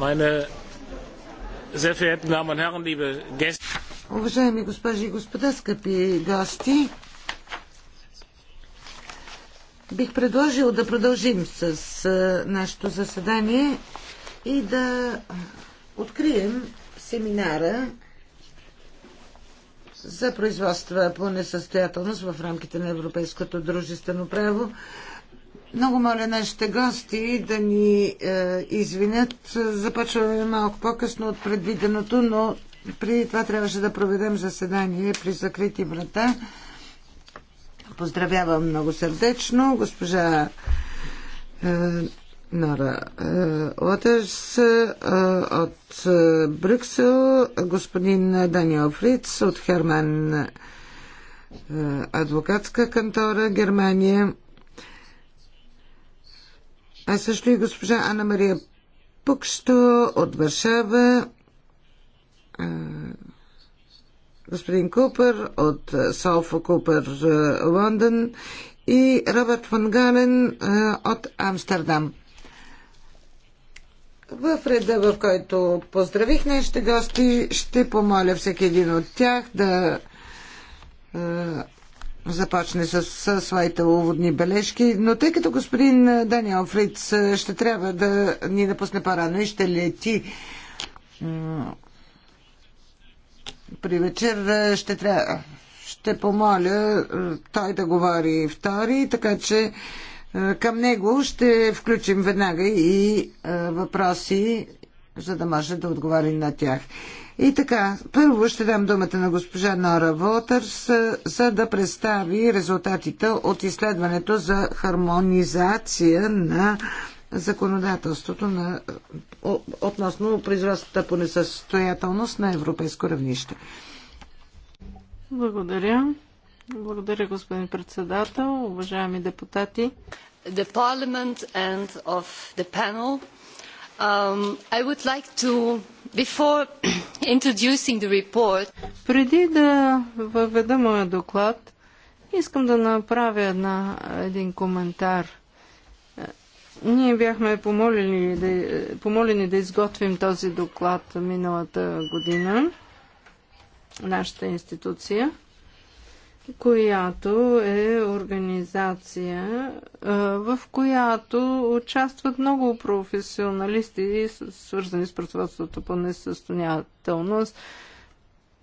meine sehr verehrten Damen und Herren, liebe Gäste. Уважаеми госпожи и господа, скъпи гости, бих предложил да продължим с нашето заседание и да открием семинара за производства по несъстоятелност в рамките на Европейското дружествено право. Много моля нашите гости да ни е, извинят. Започваме малко по-късно от предвиденото, но преди това трябваше да проведем заседание при закрити врата. Поздравявам много сърдечно госпожа е, Нора е, е, от е, Брюксел, господин Даниел Фриц от Херман е, адвокатска кантора Германия а също и госпожа Анна Мария Пукшто от Варшава, господин Купер от Солфа Купер Лондон и Робърт Ван Гален от Амстердам. В реда, в който поздравих нашите гости, ще помоля всеки един от тях да започне с, с своите уводни бележки, но тъй като господин Даниел Фриц ще трябва да ни напусне по-рано и ще лети при вечер, ще трябва ще помоля той да говори втори, така че към него ще включим веднага и въпроси, за да може да отговори на тях. И така, първо ще дам думата на госпожа Нора Волтърс, за да представи резултатите от изследването за хармонизация на законодателството на, относно производствата по несъстоятелност на европейско равнище. Благодаря. Благодаря, господин председател, уважаеми депутати. The Parliament and of the panel. Um, I would like to Преди да въведа моя доклад, искам да направя една, един коментар. Ние бяхме помолени да, помолени да изготвим този доклад миналата година, нашата институция която е организация, в която участват много професионалисти, свързани с производството по несъстоятелност,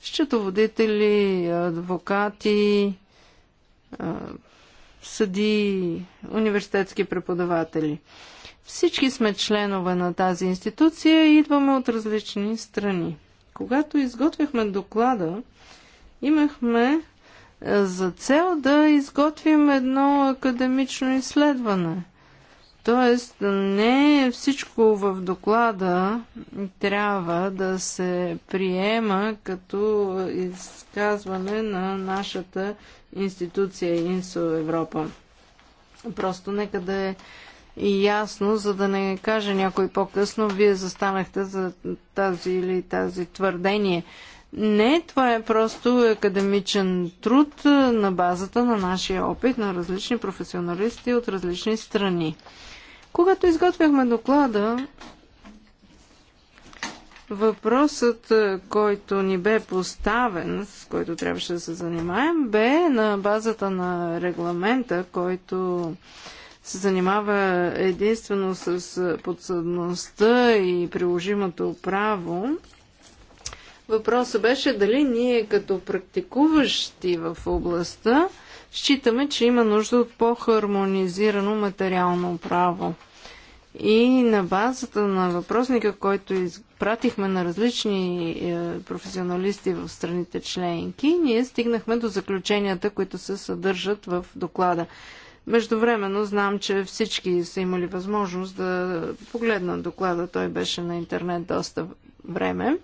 счетоводители, адвокати, съди, университетски преподаватели. Всички сме членове на тази институция и идваме от различни страни. Когато изготвяхме доклада, имахме за цел да изготвим едно академично изследване. Тоест, не всичко в доклада трябва да се приема като изказване на нашата институция Инсо Европа. Просто нека да е и ясно, за да не каже някой по-късно, вие застанахте за тази или тази твърдение. Не, това е просто академичен труд на базата на нашия опит на различни професионалисти от различни страни. Когато изготвяхме доклада, Въпросът, който ни бе поставен, с който трябваше да се занимаем, бе на базата на регламента, който се занимава единствено с подсъдността и приложимото право. Въпросът беше дали ние като практикуващи в областта считаме, че има нужда от по-хармонизирано материално право. И на базата на въпросника, който изпратихме на различни е, професионалисти в страните членки, ние стигнахме до заключенията, които се съдържат в доклада. Междувременно знам, че всички са имали възможност да погледнат доклада. Той беше на интернет доста време.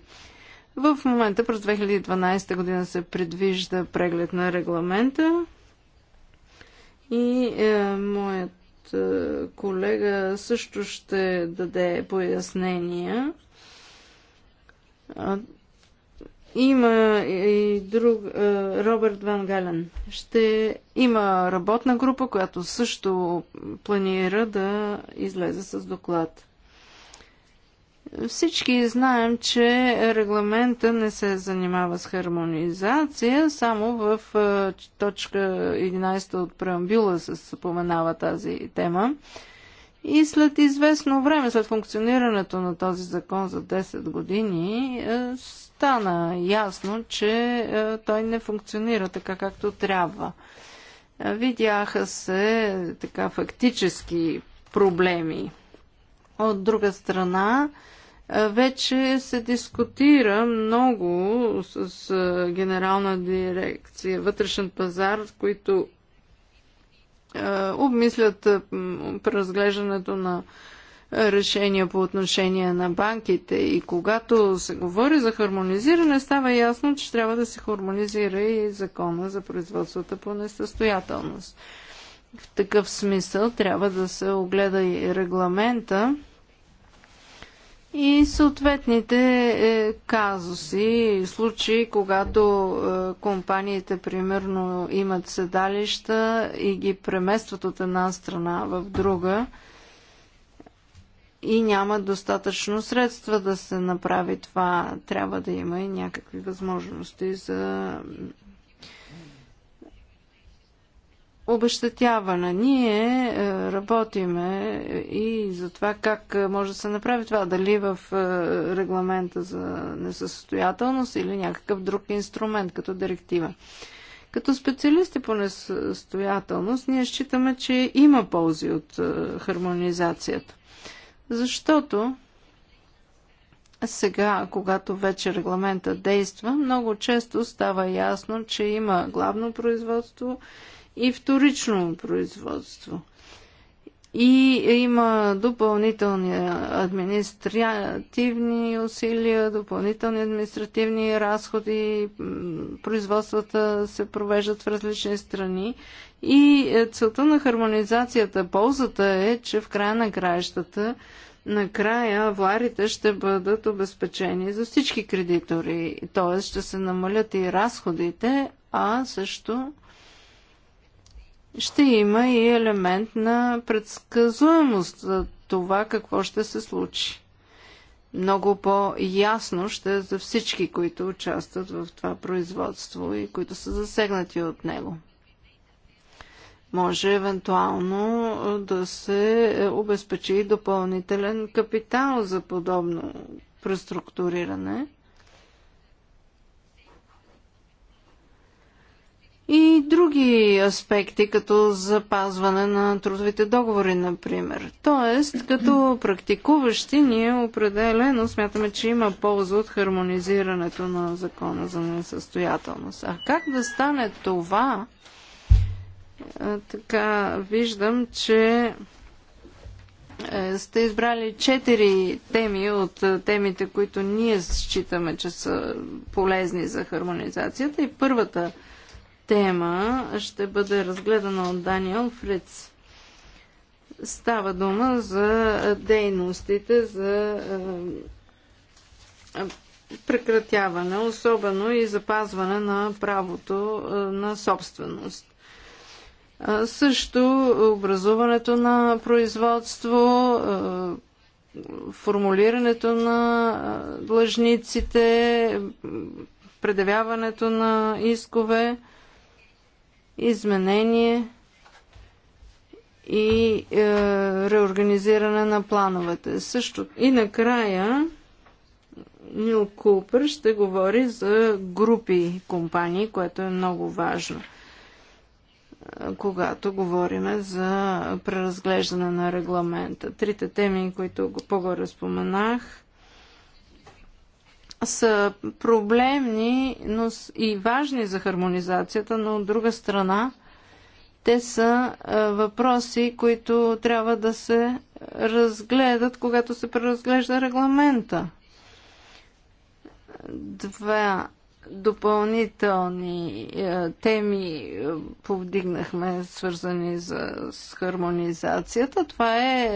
В момента през 2012 година се предвижда преглед на регламента и е, моят е, колега също ще даде пояснения. Има и друг, е, Робърт Ван Гален. Ще има работна група, която също планира да излезе с доклад. Всички знаем, че регламента не се занимава с хармонизация, само в е, точка 11 от преамбюла се споменава тази тема. И след известно време, след функционирането на този закон за 10 години, е, стана ясно, че е, той не функционира така както трябва. Видяха се така фактически проблеми. От друга страна, вече се дискутира много с Генерална дирекция вътрешен пазар, които обмислят преразглеждането на решения по отношение на банките и когато се говори за хармонизиране, става ясно, че трябва да се хармонизира и закона за производствата по несъстоятелност. В такъв смисъл трябва да се огледа и регламента, и съответните е, казуси, случаи, когато е, компаниите, примерно, имат седалища и ги преместват от една страна в друга и нямат достатъчно средства да се направи това. Трябва да има и някакви възможности за обещатявана. Ние е, работиме е, и за това как е, може да се направи това, дали в регламента за несъстоятелност или някакъв друг инструмент като директива. Като специалисти по несъстоятелност, ние считаме, че има ползи от хармонизацията. Защото сега, когато вече регламента действа, много често става ясно, че има главно производство и вторично производство. И има допълнителни административни усилия, допълнителни административни разходи, производствата се провеждат в различни страни. И е, целта на хармонизацията, ползата е, че в края на краищата, накрая аварите ще бъдат обезпечени за всички кредитори. Т.е. ще се намалят и разходите, а също ще има и елемент на предсказуемост за това какво ще се случи. Много по-ясно ще е за всички, които участват в това производство и които са засегнати от него. Може евентуално да се е, обезпечи допълнителен капитал за подобно преструктуриране – и други аспекти, като запазване на трудовите договори, например. Тоест, като практикуващи, ние определено смятаме, че има полза от хармонизирането на закона за несъстоятелност. А как да стане това? Е, така, виждам, че е, сте избрали четири теми от е, темите, които ние считаме, че са полезни за хармонизацията. И първата – тема ще бъде разгледана от Даниел Фриц. Става дума за дейностите за е, е, прекратяване, особено и запазване на правото е, на собственост. Също образуването на производство, формулирането на длъжниците, предявяването на искове – изменение и е, реорганизиране на плановете. Също и накрая Нил Купер ще говори за групи компании, което е много важно е, когато говорим за преразглеждане на регламента. Трите теми, които по-горе споменах, са проблемни но и важни за хармонизацията, но от друга страна те са е, въпроси, които трябва да се разгледат, когато се преразглежда регламента. Два допълнителни е, теми е, повдигнахме, свързани с хармонизацията. Това е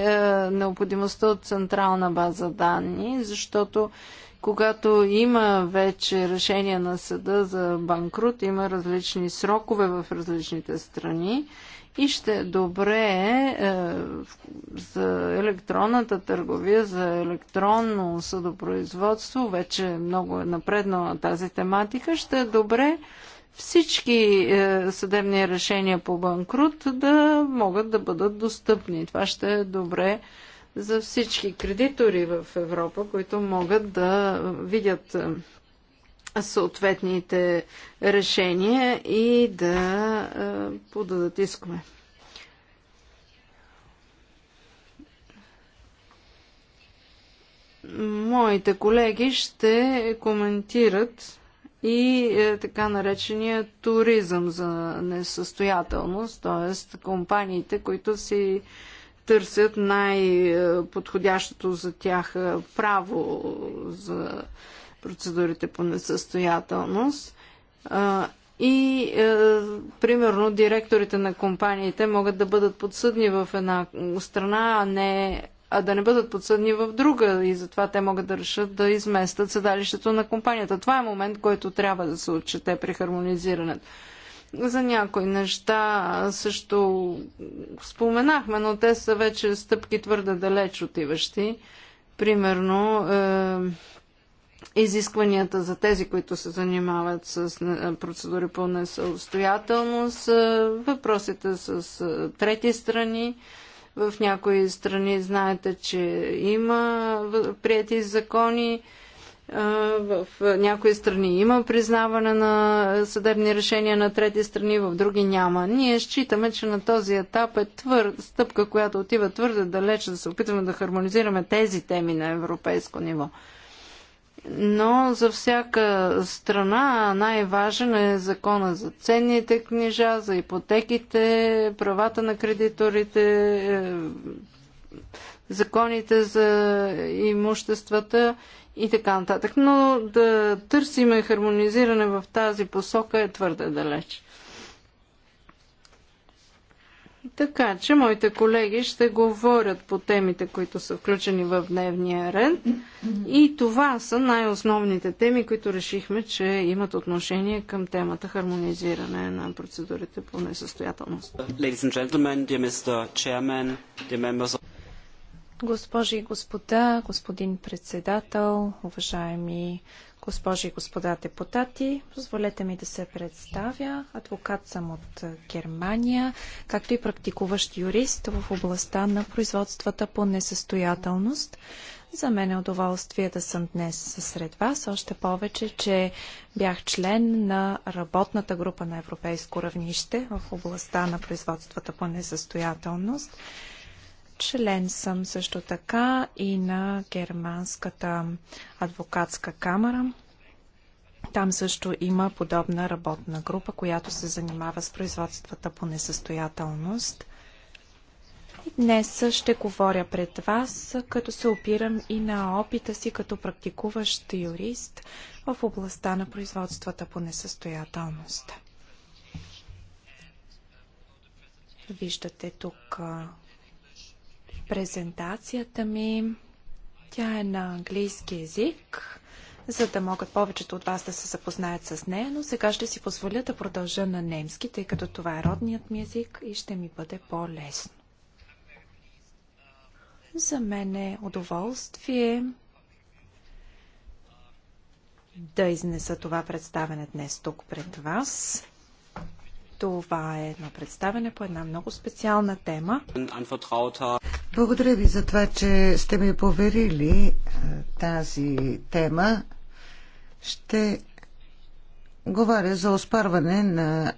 необходимостта от централна база данни, защото когато има вече решение на съда за банкрут, има различни срокове в различните страни и ще е добре е, за електронната търговия, за електронно съдопроизводство, вече много е напреднала тази тематика, ще е добре всички е, съдебни решения по банкрут да могат да бъдат достъпни. Това ще е добре за всички кредитори в Европа, които могат да видят съответните решения и да подадат искове. Моите колеги ще коментират и е, така наречения туризъм за несъстоятелност, т.е. компаниите, които си търсят най-подходящото за тях право за процедурите по несъстоятелност. И, е, примерно, директорите на компаниите могат да бъдат подсъдни в една страна, а, не, а да не бъдат подсъдни в друга. И затова те могат да решат да изместят седалището на компанията. Това е момент, който трябва да се отчете при хармонизирането. За някои неща също споменахме, но те са вече стъпки твърде далеч отиващи. Примерно, е, изискванията за тези, които се занимават с е, процедури по несъстоятелност, е, въпросите с е, трети страни. В някои страни знаете, че има прияти закони, в някои страни има признаване на съдебни решения на трети страни, в други няма. Ние считаме, че на този етап е твърд, стъпка, която отива твърде далеч да се опитваме да хармонизираме тези теми на европейско ниво. Но за всяка страна най-важен е закона за ценните книжа, за ипотеките, правата на кредиторите, е, законите за имуществата и така нататък. Но да търсиме хармонизиране в тази посока е твърде далеч. Така че моите колеги ще говорят по темите, които са включени в дневния ред. И това са най-основните теми, които решихме, че имат отношение към темата хармонизиране на процедурите по несъстоятелност. Госпожи и господа, господин председател, уважаеми госпожи и господа депутати, позволете ми да се представя. Адвокат съм от Германия, както и практикуващ юрист в областта на производствата по несъстоятелност. За мен е удоволствие да съм днес сред вас, още повече, че бях член на работната група на европейско равнище в областта на производствата по несъстоятелност. Член съм също така и на Германската адвокатска камера. Там също има подобна работна група, която се занимава с производствата по несъстоятелност. И днес ще говоря пред вас, като се опирам и на опита си като практикуващ юрист в областта на производствата по несъстоятелност. Виждате тук презентацията ми. Тя е на английски язик, за да могат повечето от вас да се запознаят с нея, но сега ще си позволя да продължа на немски, тъй като това е родният ми език и ще ми бъде по-лесно. За мен е удоволствие да изнеса това представене днес тук пред вас. Това е едно представене по една много специална тема. Благодаря ви за това, че сте ми поверили е, тази тема. Ще говоря за оспарване на е,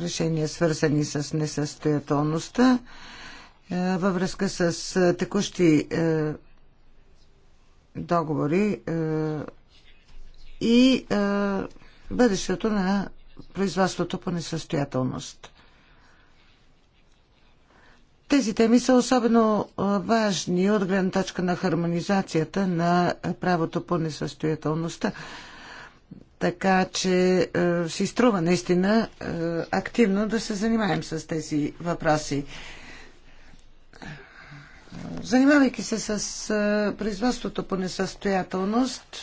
решения, свързани с несъстоятелността е, във връзка с текущи договори и бъдещето на производството по несъстоятелност. Тези теми са особено важни от гледна точка на хармонизацията на правото по несъстоятелността. Така че е, си струва наистина е, активно да се занимаем с тези въпроси. Занимавайки се с е, производството по несъстоятелност,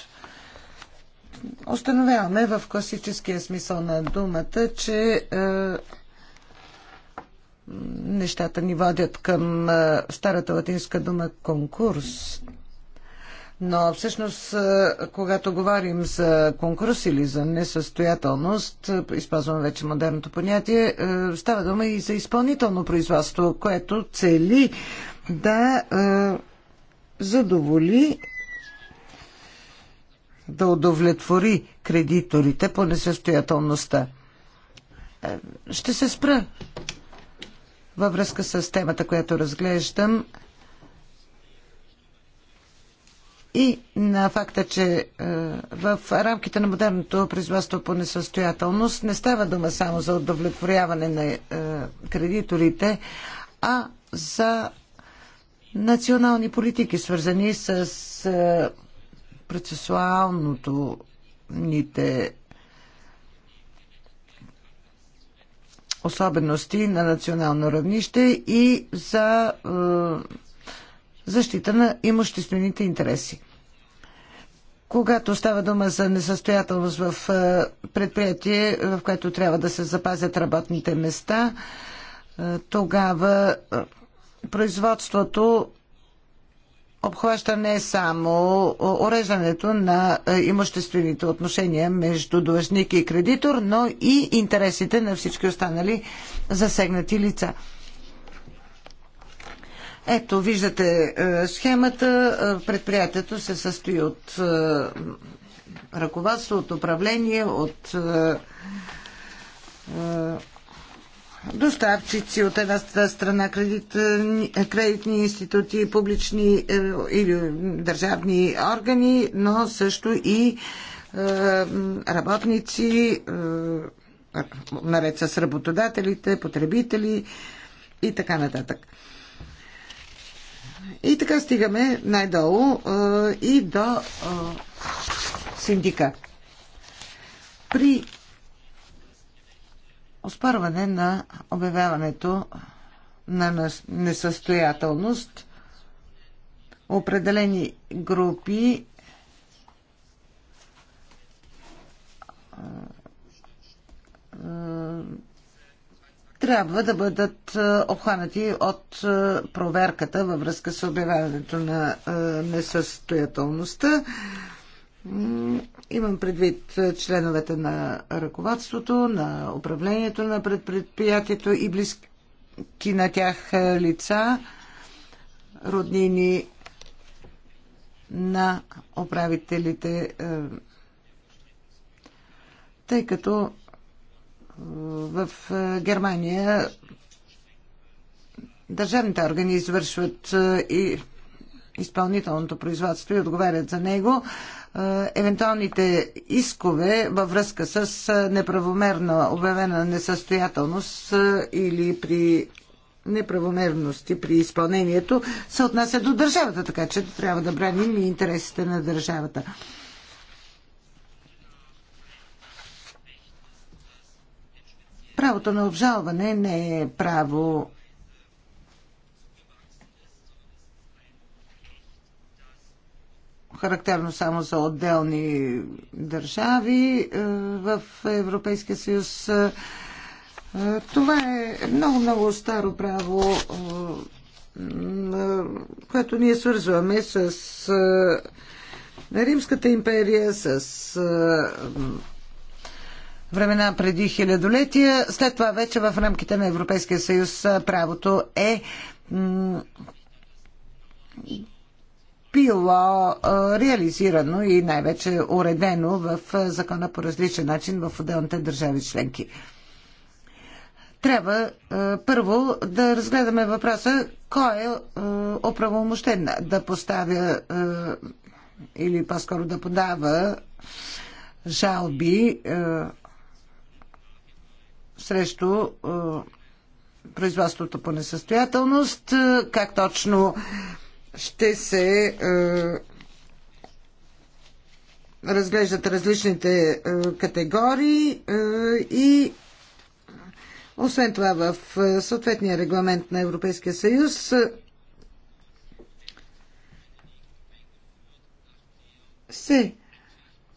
установяваме в класическия смисъл на думата, че е, нещата ни водят към старата латинска дума конкурс. Но всъщност, когато говорим за конкурс или за несъстоятелност, използвам вече модерното понятие, става дума и за изпълнително производство, което цели да задоволи да удовлетвори кредиторите по несъстоятелността. Е, ще се спра във връзка с темата, която разглеждам и на факта, че е, в рамките на модерното производство по несъстоятелност не става дума само за удовлетворяване на е, кредиторите, а за национални политики, свързани с е, процесуалното ните особености на национално равнище и за е, защита на имуществените интереси. Когато става дума за несъстоятелност в е, предприятие, в което трябва да се запазят работните места, е, тогава производството обхваща не само уреждането на е, имуществените отношения между длъжник и кредитор, но и интересите на всички останали засегнати лица. Ето, виждате е, схемата. Е, предприятието се състои от ръководство, от управление, от доставчици от една страна, кредит, е, кредитни институти, публични е, или държавни органи, но също и е, работници, наред с работодателите, потребители и така нататък. И така стигаме най-долу и до синдика. При оспорване на обявяването на несъстоятелност. Определени групи трябва да бъдат обхванати от проверката във връзка с обявяването на несъстоятелността. Имам предвид е, членовете на ръководството, на управлението на предприятието и близки на тях е, лица, роднини на управителите, е, тъй като в Германия държавните органи извършват и изпълнителното производство и отговарят за него, евентуалните искове във връзка с неправомерна обявена несъстоятелност или при неправомерности при изпълнението се отнася до държавата, така че трябва да браним и интересите на държавата. Правото на обжалване не е право характерно само за отделни държави е, в Европейския съюз. Е, е, това е много-много старо право, което ние свързваме с Римската империя, с времена преди хилядолетия. След това вече в рамките на Европейския съюз правото е било реализирано и най-вече уредено в закона по различен начин в отделните държави членки. Трябва първо да разгледаме въпроса кой е оправомощен да поставя или по-скоро да подава жалби срещу производството по несъстоятелност, как точно ще се е, разглеждат различните е, категории е, и освен това в съответния регламент на Европейския съюз се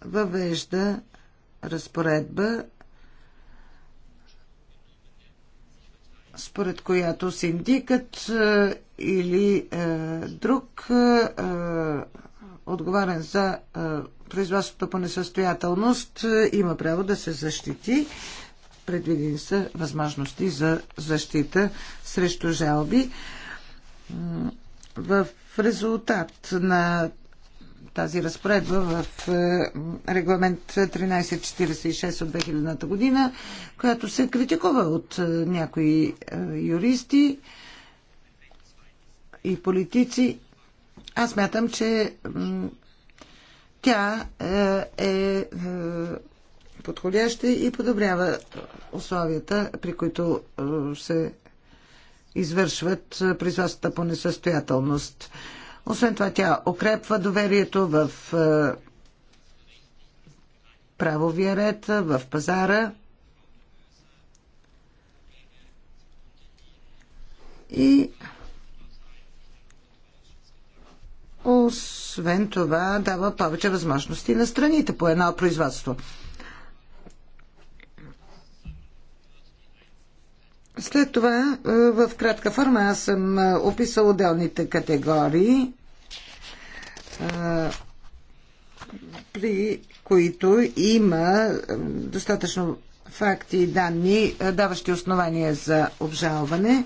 въвежда разпоредба, според която синдикът или е, друг е, е, отговарен за е, производството по несъстоятелност е, има право да се защити. Предвидени са възможности за защита срещу жалби. В резултат на тази разпоредба в е, регламент 1346 от 2000 година, която се критикува от е, някои юристи, и политици, аз мятам, че тя е, е, е подходяща и подобрява условията, при които е, се извършват производствата по несъстоятелност. Освен това, тя укрепва доверието в правовия ред, в пазара. И освен това, дава повече възможности на страните по едно производство. След това, е, в кратка форма, аз съм е, описал отделните категории, е, при които има достатъчно факти и данни, даващи основания за обжалване.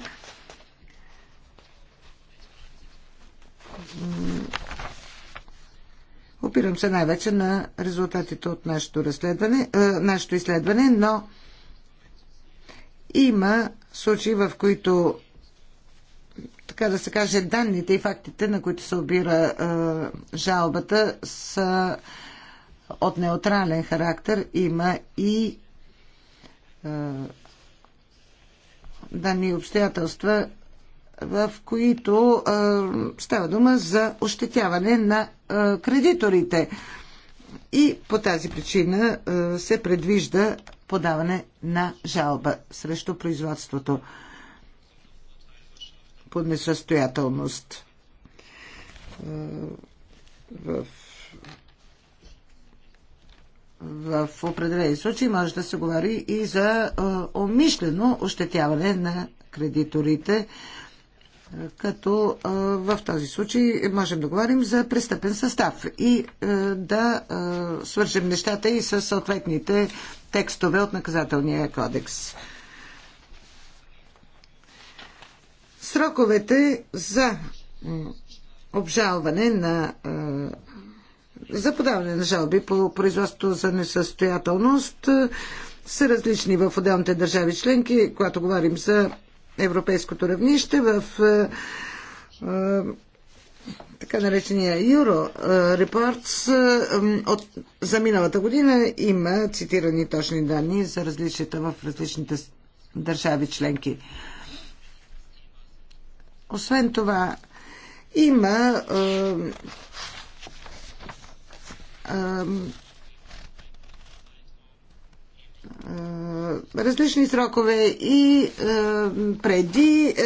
Опирам се най-вече на резултатите от нашето, разследване, а, е, нашето изследване, но има случаи, в които, така да се каже, данните и фактите, на които се обира а, е, жалбата, са от неутрален характер. Има и а, е, данни и обстоятелства, в които става дума за ощетяване на кредиторите. И по тази причина се предвижда подаване на жалба срещу производството по несъстоятелност. В, в определени случаи може да се говори и за умишлено ощетяване на кредиторите като в този случай можем да говорим за престъпен състав и да свържем нещата и с съответните текстове от наказателния кодекс. Сроковете за обжалване на за подаване на жалби по производството за несъстоятелност са различни в отделните държави членки, когато говорим за европейското равнище, в е, е, така наречения Euro е, Reports от, за миналата година има цитирани точни данни за различията в различните държави членки. Освен това, има е, е, различни срокове и е, преди е,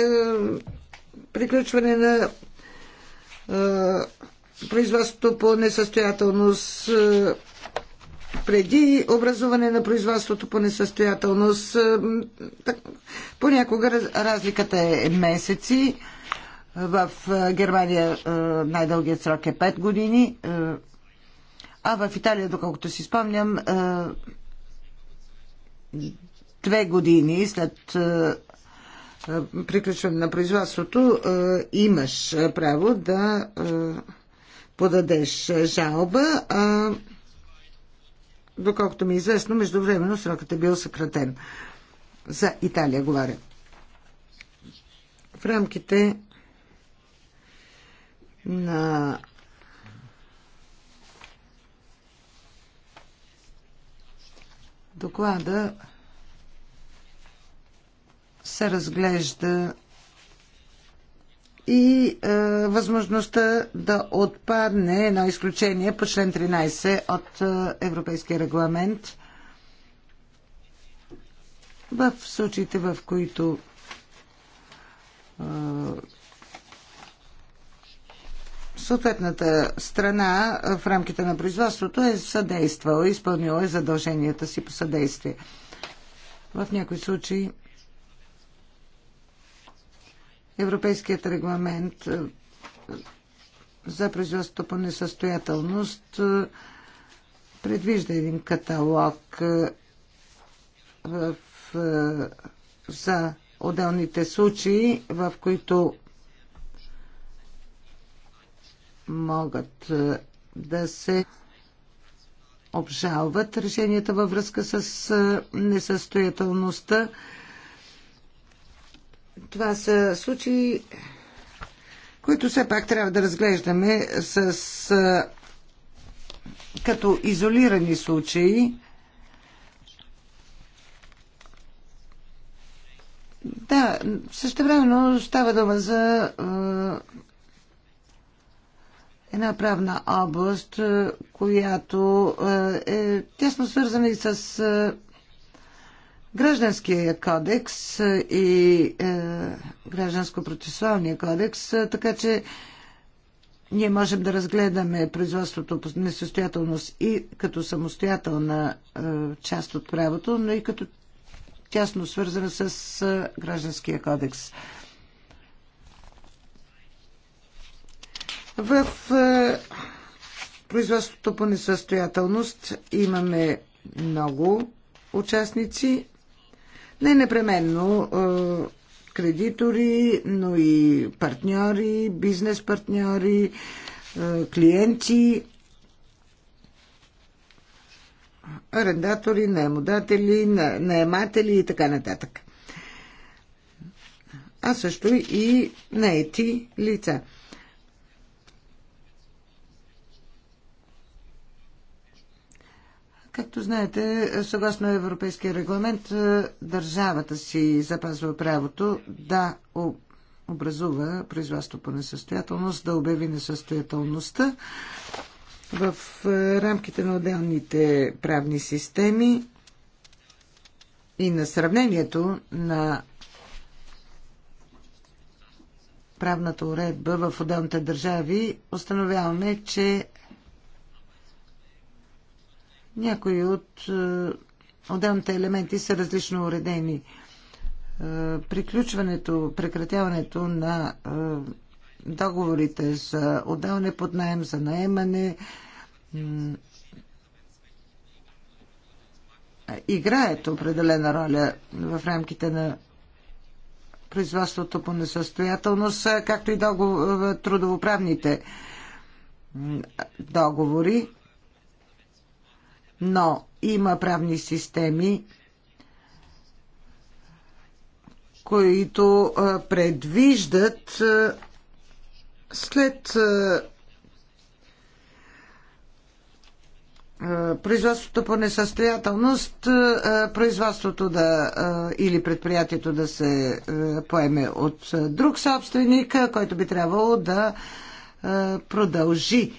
приключване на е, производството по несъстоятелност преди образуване на производството по несъстоятелност. Понякога разликата е месеци. В Германия най-дългият срок е 5 години, а в Италия, доколкото си спомням, две години след е, е, приключване на производството е, имаш право да подадеш жалба. А, доколкото ми е известно, междувременно срокът е бил съкратен. За Италия говоря. В рамките на доклада се разглежда и е, възможността да отпадне едно изключение по член 13 от е, Европейския регламент в случаите, в които е, съответната страна в рамките на производството е съдействала, изпълнила е задълженията си по съдействие. В някои случаи Европейският регламент е, за производството по несъстоятелност е, предвижда един каталог е, в, за отделните случаи, в които могат е, да се обжалват решенията във връзка с е, несъстоятелността. Това са случаи, които все пак трябва да разглеждаме с, е, като изолирани случаи. Да, също времено става дума за една правна област, е, която е, е тясно свързана и с е, Гражданския кодекс и Гражданско-процесуалния кодекс, така че ние можем да разгледаме производството по несъстоятелност и като самостоятелна част от правото, но и като тясно свързана с Гражданския кодекс. В е, производството по несъстоятелност имаме много участници. Не непременно е, кредитори, но и партньори, бизнес партньори, е, клиенти, арендатори, наемодатели, наематели и така нататък. А също и наети лица. Както знаете, съгласно Европейския регламент, е, държавата си запазва правото да образува производство по несъстоятелност, да обяви несъстоятелността в е, рамките на отделните правни системи и на сравнението на правната уредба в отделните държави, установяваме, че някои от е, отделните елементи са различно уредени. Е, приключването, прекратяването на е, договорите за отдаване под найем, за наемане, играят определена роля в рамките на производството по несъстоятелност, както и трудовоправните договори но има правни системи, които предвиждат след производството по несъстоятелност, производството да или предприятието да се поеме от друг собственик, който би трябвало да продължи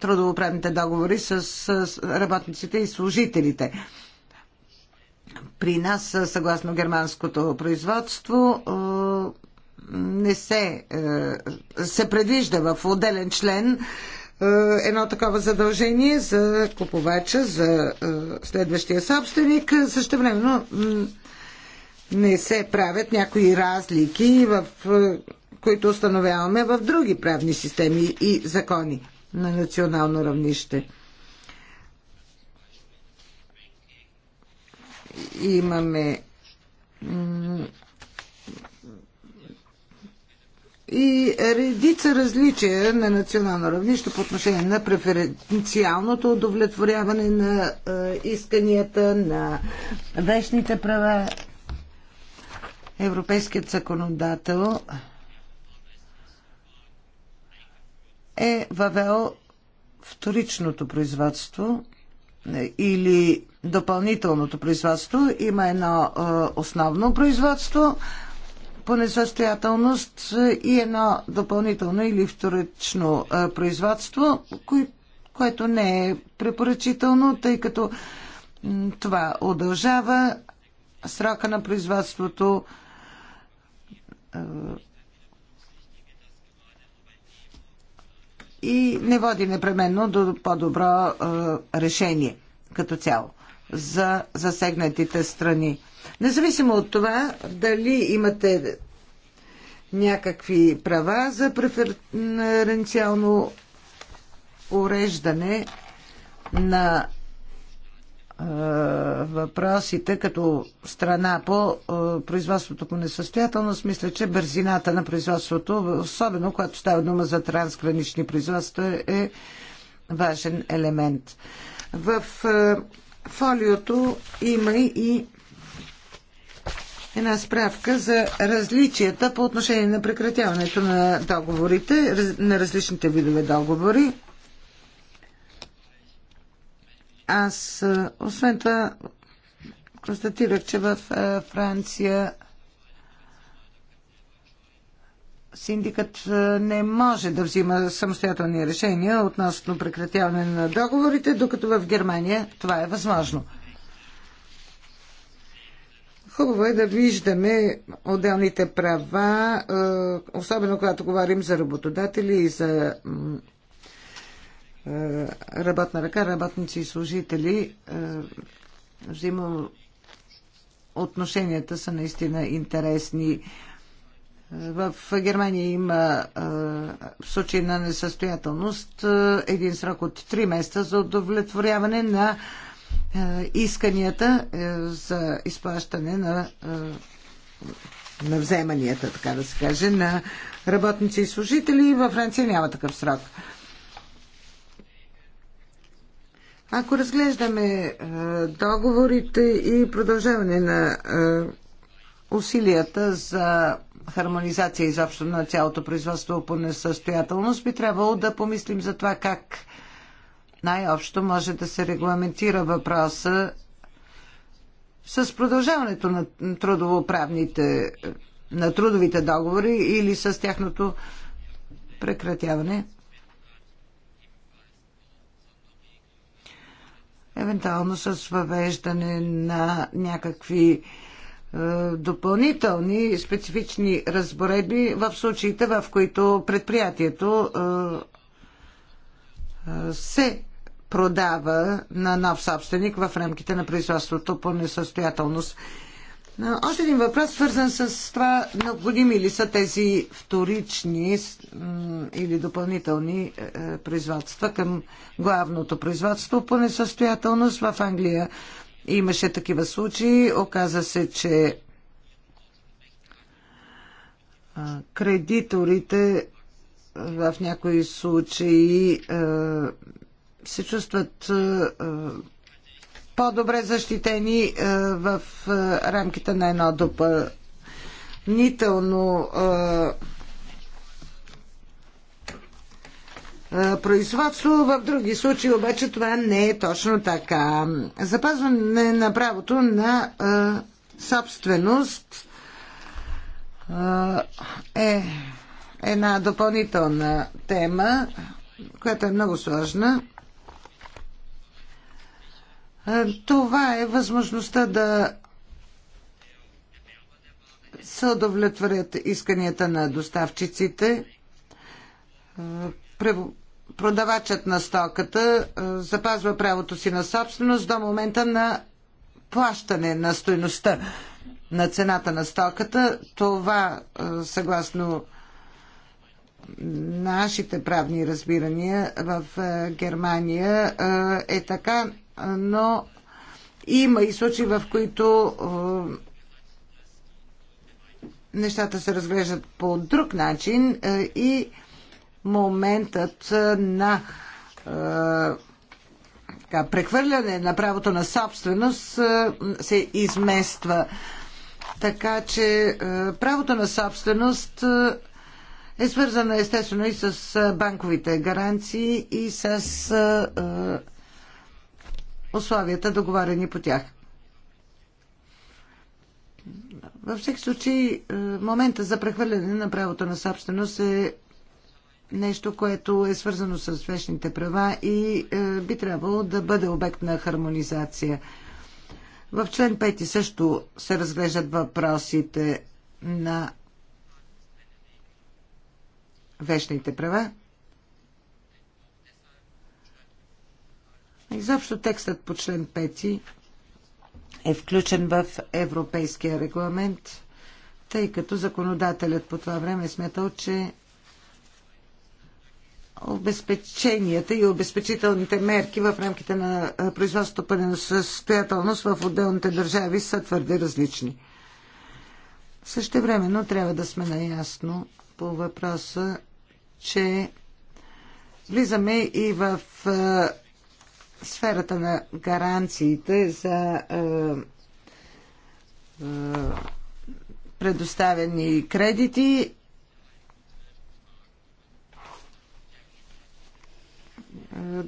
трудовоправните договори с, с работниците и служителите. При нас, съгласно германското производство, е, не се, е, се предвижда в отделен член е, едно такова задължение за купувача, за следващия собственик. Също времено не се правят някои разлики, в, които установяваме в други правни системи и закони на национално равнище. Имаме и редица различия на национално равнище по отношение на преференциалното удовлетворяване на исканията, на вечните права. Европейският законодател е въвел вторичното производство е, или допълнителното производство. Има едно е, основно производство по несъстоятелност е, и едно допълнително или вторично производство, което не е препоръчително, тъй като това удължава срока на производството и не води непременно до по-добро е, решение като цяло за засегнатите страни. Независимо от това, дали имате някакви права за преференциално уреждане на въпросите като страна по производството по несъстоятелност, мисля, че бързината на производството, особено когато става дума за трансгранични производства, е важен елемент. В фолиото има и една справка за различията по отношение на прекратяването на договорите, на различните видове договори. Аз, освен това, констатирах, че в Франция синдикът не може да взима самостоятелни решения относно прекратяване на договорите, докато в Германия това е възможно. Хубаво е да виждаме отделните права, особено когато говорим за работодатели и за е, работна ръка, работници и служители, е, взима отношенията са наистина интересни. Е, в Германия има в случай на несъстоятелност един срок от 3 месеца за удовлетворяване на исканията за изплащане на, на вземанията, така да се каже, на работници и служители. Във Франция няма такъв срок. Ако разглеждаме е, договорите и продължаване на е, усилията за хармонизация изобщо на цялото производство по несъстоятелност, би трябвало да помислим за това как най-общо може да се регламентира въпроса с продължаването на трудовоправните е, на трудовите договори или с тяхното прекратяване. евентуално с въвеждане на някакви е, допълнителни специфични разбореби, в случаите, в които предприятието е, е, се продава на нов собственик в рамките на производството по несъстоятелност. Още един въпрос, свързан с това, необходими ли са тези вторични или допълнителни е, производства към главното производство по несъстоятелност в Англия. Имаше такива случаи. Оказа се, че кредиторите е, в някои случаи е, се чувстват по-добре защитени е, в е, рамките на едно допълнително е, производство. В други случаи обаче това не е точно така. Запазване на правото на собственост е една допълнителна тема, която е много сложна. Е, това е възможността да се удовлетворят исканията на доставчиците. Е, продавачът на стоката е, запазва правото си на собственост до момента на плащане на стойността на цената на стоката. Това, съгласно нашите правни разбирания в Германия е така но има и случаи, в които нещата се разглеждат по друг начин и моментът на така, прехвърляне на правото на собственост се измества. Така че правото на собственост е свързано естествено и с банковите гаранции и с условията, договорени по тях. Във всеки случай, е, момента за прехвърляне на правото на собственост е нещо, което е свързано с вечните права и е, би трябвало да бъде обект на хармонизация. В член 5 също се разглеждат въпросите на вечните права. Изобщо текстът по член 5 е включен в Европейския регламент, тъй като законодателят по това време е смятал, че обезпеченията и обезпечителните мерки в рамките на производството на състоятелност в отделните държави са твърде различни. Също времено трябва да сме наясно по въпроса, че влизаме и в сферата на гаранциите за е, е, предоставени кредити е,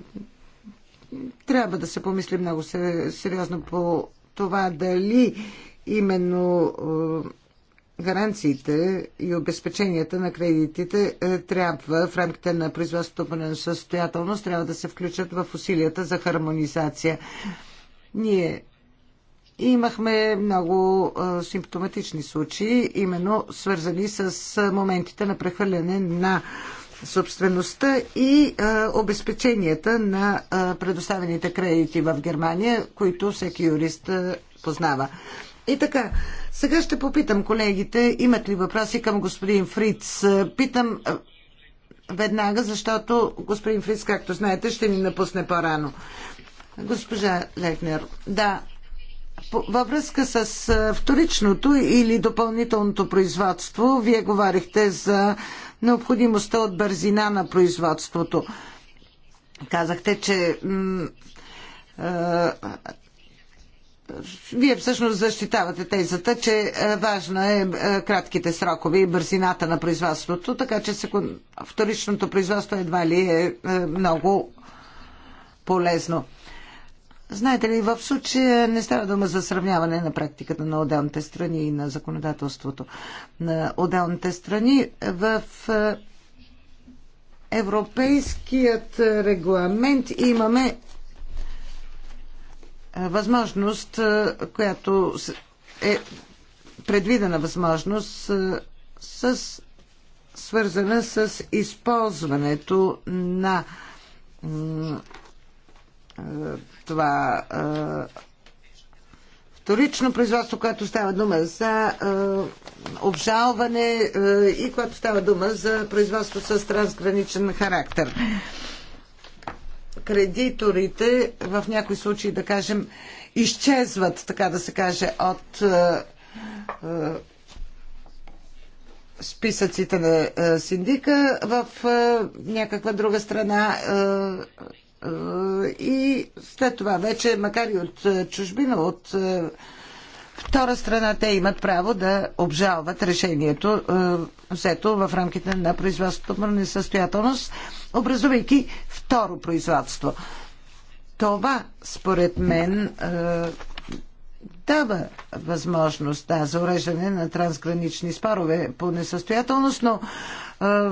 трябва да се помисли много сериозно по това дали именно гаранциите и обезпеченията на кредитите е, трябва в рамките на производството на състоятелност трябва да се включат в усилията за хармонизация. Ние имахме много е, симптоматични случаи, именно свързани с е, моментите на прехвърляне на собствеността и а, обезпеченията на а, предоставените кредити в Германия, които всеки юрист а, познава. И така, сега ще попитам колегите, имат ли въпроси към господин Фриц. Питам веднага, защото господин Фриц, както знаете, ще ни напусне по-рано. Госпожа Легнер, да, във връзка с вторичното или допълнителното производство, вие говорихте за необходимостта от бързина на производството. Казахте, че вие всъщност защитавате тезата, че е, важно е, е кратките срокове и бързината на производството, така че вторичното производство едва ли е, е много полезно. Знаете ли, в случая не става дума за сравняване на практиката на отделните страни и на законодателството на отделните страни. В Европейският регламент имаме е, възможност, е, която е предвидена възможност е, с свързана с използването на това вторично производство, което става дума за обжалване и което става дума за производство с трансграничен характер кредиторите в някои случаи, да кажем, изчезват, така да се каже, от е, е, списъците на е, синдика в някаква друга страна и след това вече, макар и от чужбина, от втора страна те имат право да обжалват решението, е, взето в рамките на производството на несъстоятелност, образувайки второ производство. Това, според мен, е, дава възможност да, за уреждане на трансгранични спорове по несъстоятелност, но е,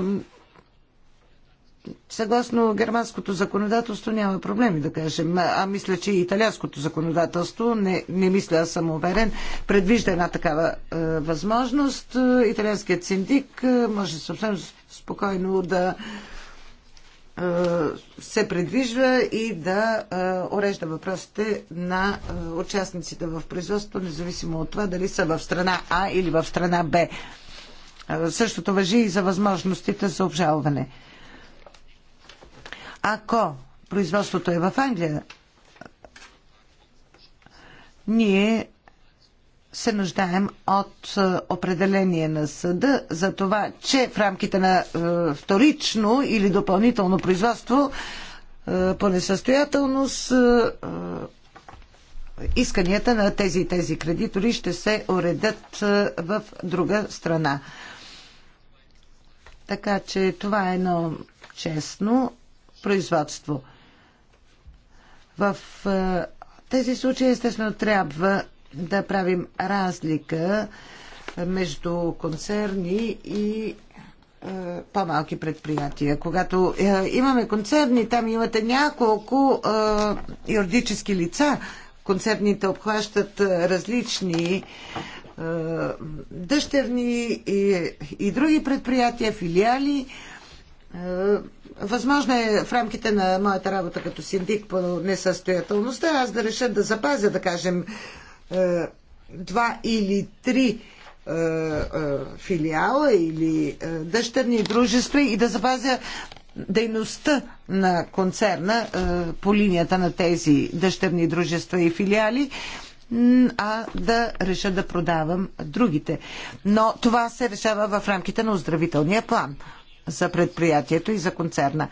съгласно германското законодателство няма проблеми, да кажем. А мисля, че и италианското законодателство, не, не мисля, аз съм уверен, предвижда една такава е, възможност. Италианският синдик е, може съвсем спокойно да е, се предвижва и да е, урежда въпросите на е, участниците в производството, независимо от това дали са в страна А или в страна Б. Е, същото въжи и за възможностите за обжалване. Ако производството е в Англия, ние се нуждаем от е, определение на съда за това, че в рамките на е, вторично или допълнително производство е, по несъстоятелност исканията на тези и тези кредитори ще се уредят в друга страна. Така че това е едно честно производство. В е, тези случаи, естествено, трябва да правим разлика между концерни и е, по-малки предприятия. Когато е, имаме концерни, там имате няколко е, юридически лица. Концерните обхващат е, различни е, дъщерни и, и други предприятия, филиали. Е, Възможно е в рамките на моята работа като синдик по несъстоятелността аз да реша да запазя, да кажем, е, два или три е, е, филиала или дъщерни дружества и да запазя дейността на концерна по линията на тези дъщерни дружества и филиали а да реша да продавам другите. Но това се решава в рамките на оздравителния план за предприятието и за концерна.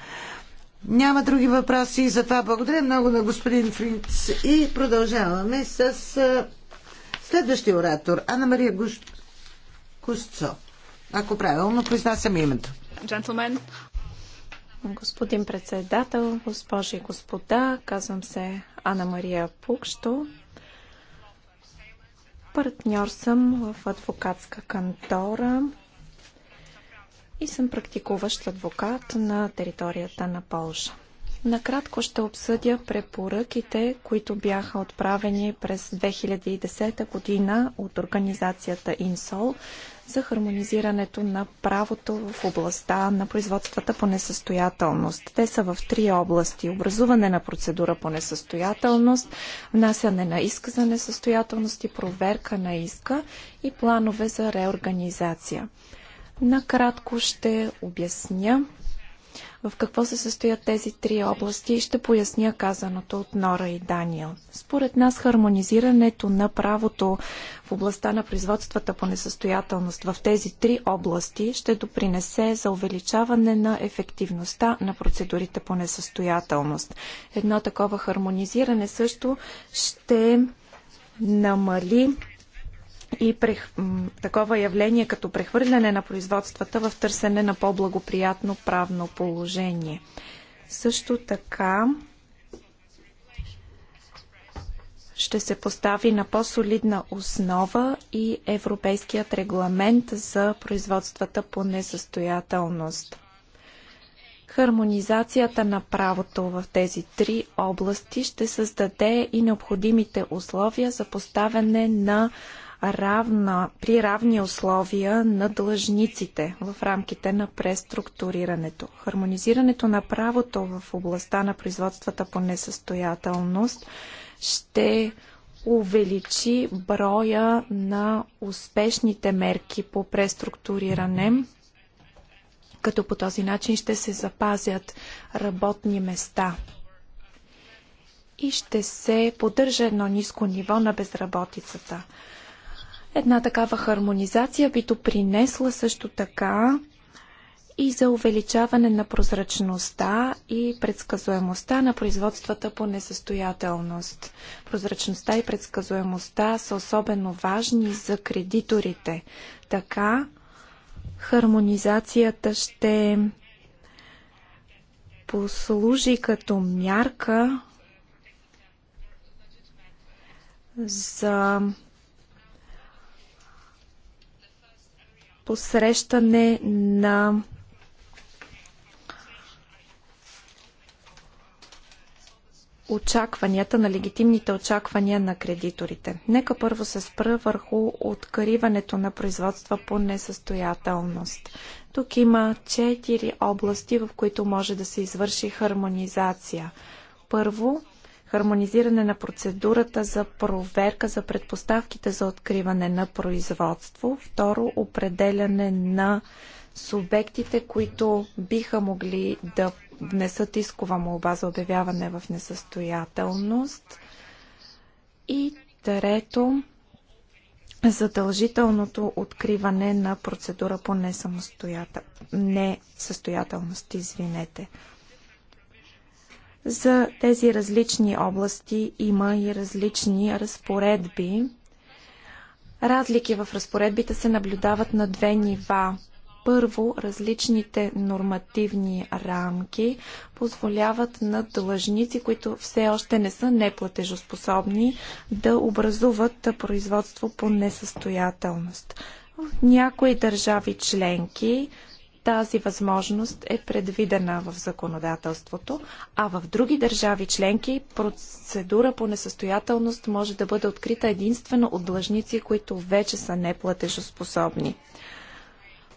Няма други въпроси, затова благодаря много на господин Фриц и продължаваме с следващия оратор, Анна Мария Гуш... Кусцо. Ако правилно произнасям името. Джентлмен. Господин председател, госпожи и господа, казвам се Анна Мария Пукщо. Партньор съм в адвокатска кантора и съм практикуващ адвокат на територията на Полша. Накратко ще обсъдя препоръките, които бяха отправени през 2010 година от организацията INSOL за хармонизирането на правото в областта на производствата по несъстоятелност. Те са в три области. Образуване на процедура по несъстоятелност, внасяне на иска за несъстоятелност и проверка на иска и планове за реорганизация. Накратко ще обясня в какво се състоят тези три области и ще поясня казаното от Нора и Даниел. Според нас хармонизирането на правото в областта на производствата по несъстоятелност в тези три области ще допринесе за увеличаване на ефективността на процедурите по несъстоятелност. Едно такова хармонизиране също ще намали и прех... такова явление като прехвърляне на производствата в търсене на по-благоприятно правно положение. Също така ще се постави на по-солидна основа и Европейският регламент за производствата по несъстоятелност. Хармонизацията на правото в тези три области ще създаде и необходимите условия за поставяне на равна, при равни условия на длъжниците в рамките на преструктурирането. Хармонизирането на правото в областта на производствата по несъстоятелност ще увеличи броя на успешните мерки по преструктуриране, като по този начин ще се запазят работни места и ще се поддържа едно ниско ниво на безработицата. Една такава хармонизация би допринесла също така и за увеличаване на прозрачността и предсказуемостта на производствата по несъстоятелност. Прозрачността и предсказуемостта са особено важни за кредиторите. Така хармонизацията ще послужи като мярка за посрещане на очакванията, на легитимните очаквания на кредиторите. Нека първо се спра върху откриването на производства по несъстоятелност. Тук има четири области, в които може да се извърши хармонизация. Първо, хармонизиране на процедурата за проверка за предпоставките за откриване на производство. Второ, определяне на субектите, които биха могли да внесат искова молба за обявяване в несъстоятелност. И трето, задължителното откриване на процедура по несъстоятелност. Извинете. За тези различни области има и различни разпоредби. Разлики в разпоредбите се наблюдават на две нива. Първо, различните нормативни рамки позволяват на длъжници, които все още не са неплатежоспособни, да образуват производство по несъстоятелност. В някои държави членки тази възможност е предвидена в законодателството, а в други държави членки процедура по несъстоятелност може да бъде открита единствено от длъжници, които вече са неплатежоспособни.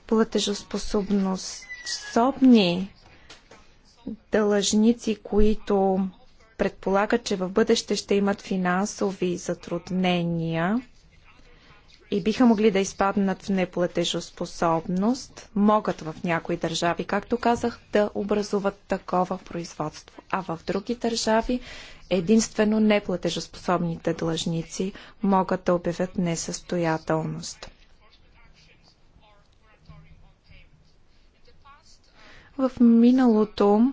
Платежоспособни длъжници, които предполагат, че в бъдеще ще имат финансови затруднения, и биха могли да изпаднат в неплатежоспособност, могат в някои държави, както казах, да образуват такова производство. А в други държави единствено неплатежоспособните длъжници могат да обявят несъстоятелност. В миналото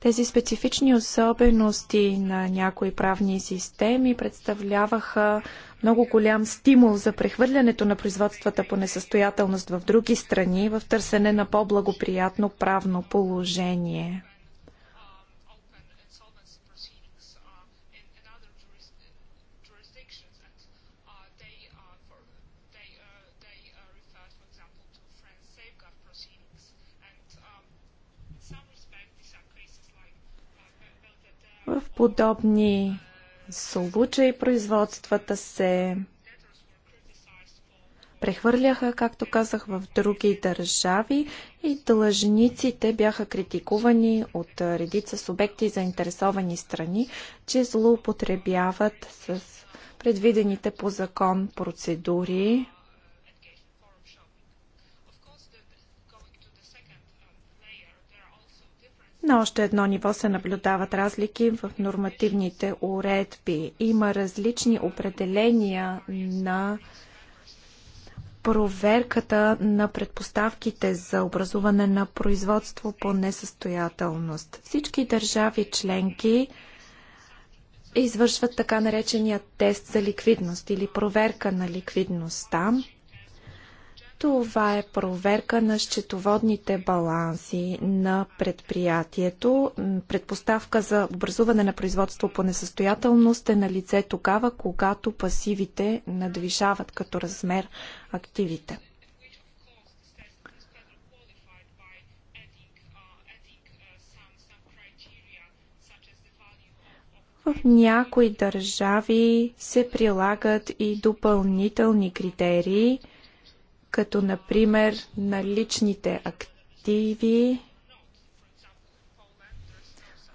Тези специфични особености на някои правни системи представляваха много голям стимул за прехвърлянето на производствата по несъстоятелност в други страни в търсене на по-благоприятно правно положение. подобни случаи производствата се прехвърляха, както казах, в други държави и длъжниците бяха критикувани от редица субекти и заинтересовани страни, че злоупотребяват с предвидените по закон процедури На още едно ниво се наблюдават разлики в нормативните уредби. Има различни определения на проверката на предпоставките за образуване на производство по несъстоятелност. Всички държави членки извършват така наречения тест за ликвидност или проверка на ликвидността. Това е проверка на счетоводните баланси на предприятието. Предпоставка за образуване на производство по несъстоятелност е на лице тогава, когато пасивите надвишават като размер активите. В някои държави се прилагат и допълнителни критерии – като например наличните активи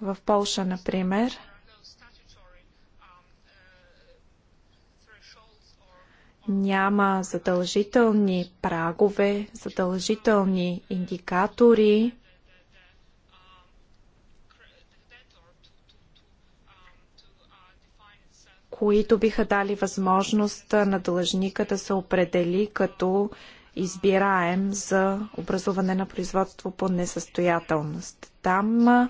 в Полша, например. Няма задължителни прагове, задължителни индикатори които биха дали възможност на длъжника да се определи като избираем за образуване на производство по несъстоятелност. Там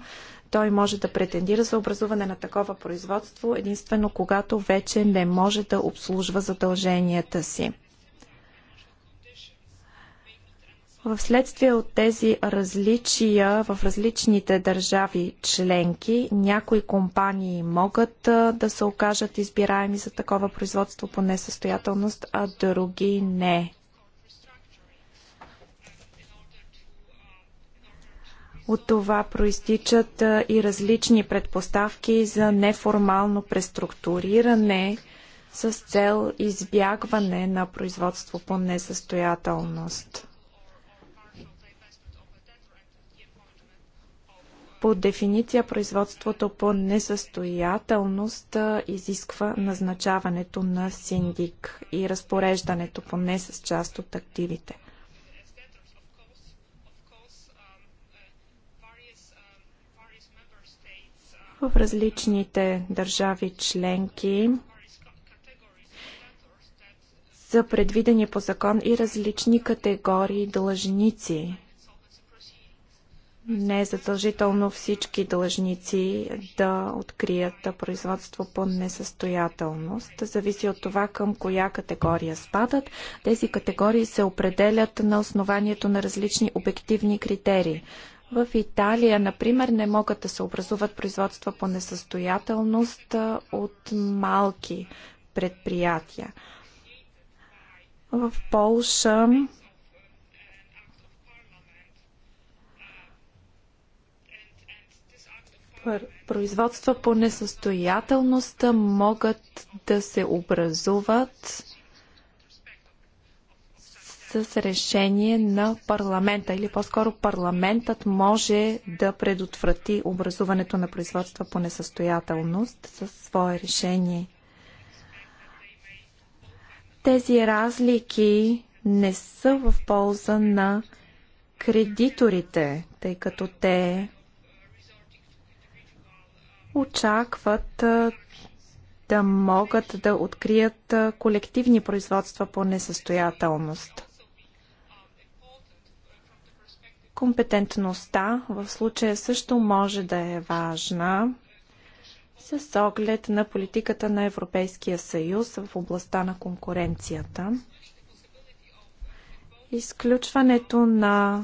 той може да претендира за образуване на такова производство единствено когато вече не може да обслужва задълженията си. В следствие от тези различия в различните държави членки, някои компании могат да се окажат избираеми за такова производство по несъстоятелност, а други не. От това проистичат и различни предпоставки за неформално преструктуриране с цел избягване на производство по несъстоятелност. По дефиниция производството по несъстоятелност изисква назначаването на синдик и разпореждането поне с част от активите. В различните държави членки са предвидени по закон и различни категории длъжници, не е задължително всички длъжници да открият производство по несъстоятелност. Зависи от това към коя категория спадат. Тези категории се определят на основанието на различни обективни критерии. В Италия, например, не могат да се образуват производства по несъстоятелност от малки предприятия. В Полша производства по несъстоятелност могат да се образуват с решение на парламента или по-скоро парламентът може да предотврати образуването на производства по несъстоятелност със свое решение. Тези разлики не са в полза на кредиторите, тъй като те очакват да могат да открият колективни производства по несъстоятелност. Компетентността в случая също може да е важна с оглед на политиката на Европейския съюз в областта на конкуренцията. Изключването на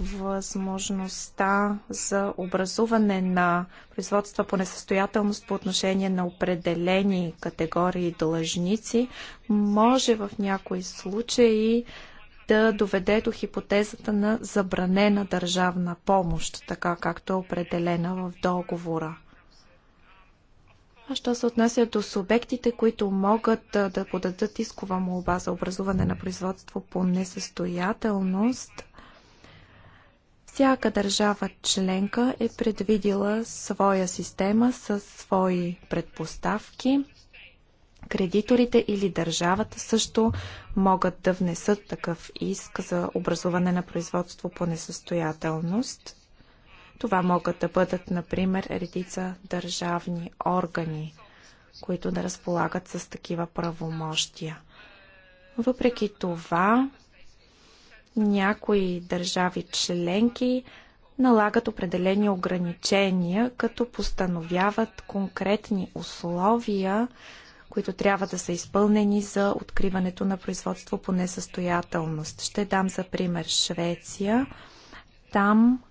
възможността за образуване на производства по несъстоятелност по отношение на определени категории длъжници може в някои случаи да доведе до хипотезата на забранена държавна помощ, така както е определена в договора. А що се отнася до субектите, които могат да подадат искова молба за образуване на производство по несъстоятелност – всяка държава членка е предвидила своя система със свои предпоставки. Кредиторите или държавата също могат да внесат такъв иск за образуване на производство по несъстоятелност. Това могат да бъдат, например, редица държавни органи, които да разполагат с такива правомощия. Въпреки това, някои държави членки налагат определени ограничения, като постановяват конкретни условия, които трябва да са изпълнени за откриването на производство по несъстоятелност. Ще дам за пример Швеция. Там,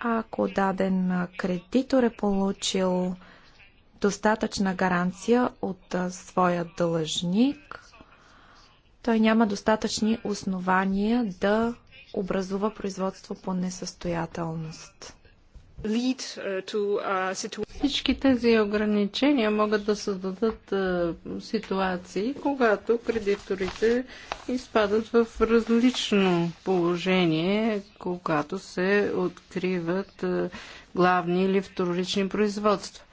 ако даден кредитор е получил достатъчна гаранция от своя дължник, той няма достатъчни основания да образува производство по несъстоятелност. Uh, uh, Всички тези ограничения могат да създадат ситуации, когато кредиторите изпадат в различно положение, когато се откриват главни или вторични производства.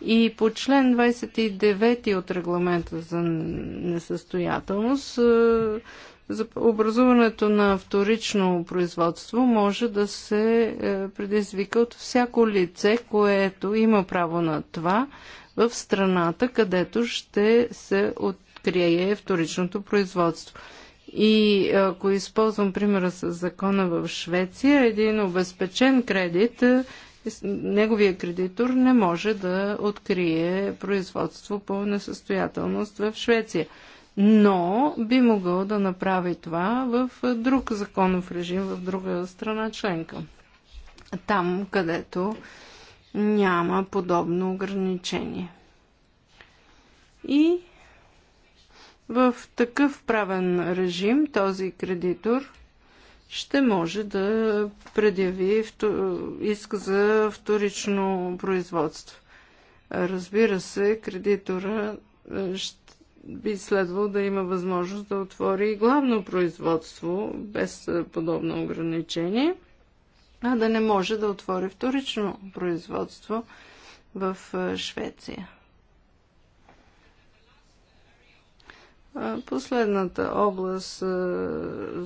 И по член 29 от регламента за несъстоятелност е, за образуването на вторично производство може да се е, предизвика от всяко лице, което има право на това в страната, където ще се открие вторичното производство. И е, ако използвам примера с закона в Швеция, един обезпечен кредит неговия кредитор не може да открие производство по несъстоятелност в Швеция. Но би могъл да направи това в друг законов режим, в друга страна членка. Там, където няма подобно ограничение. И в такъв правен режим този кредитор – ще може да предяви иск за вторично производство. Разбира се, кредитора е, би следвал да има възможност да отвори главно производство без е, подобно ограничение, а да не може да отвори вторично производство в е, Швеция. Последната област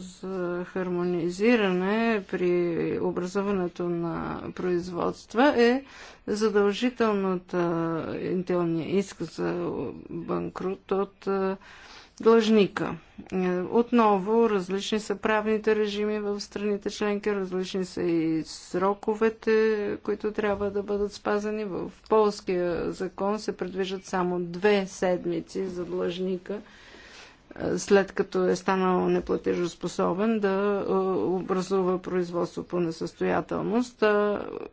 за хармонизиране при образуването на производства е задължителната интелния иск за банкрут от длъжника. Е, отново различни са правните режими в страните членки, различни са и сроковете, които трябва да бъдат спазани. В полския закон се предвиждат само две седмици за длъжника – след като е станал неплатежоспособен, да е, образува производство по несъстоятелност.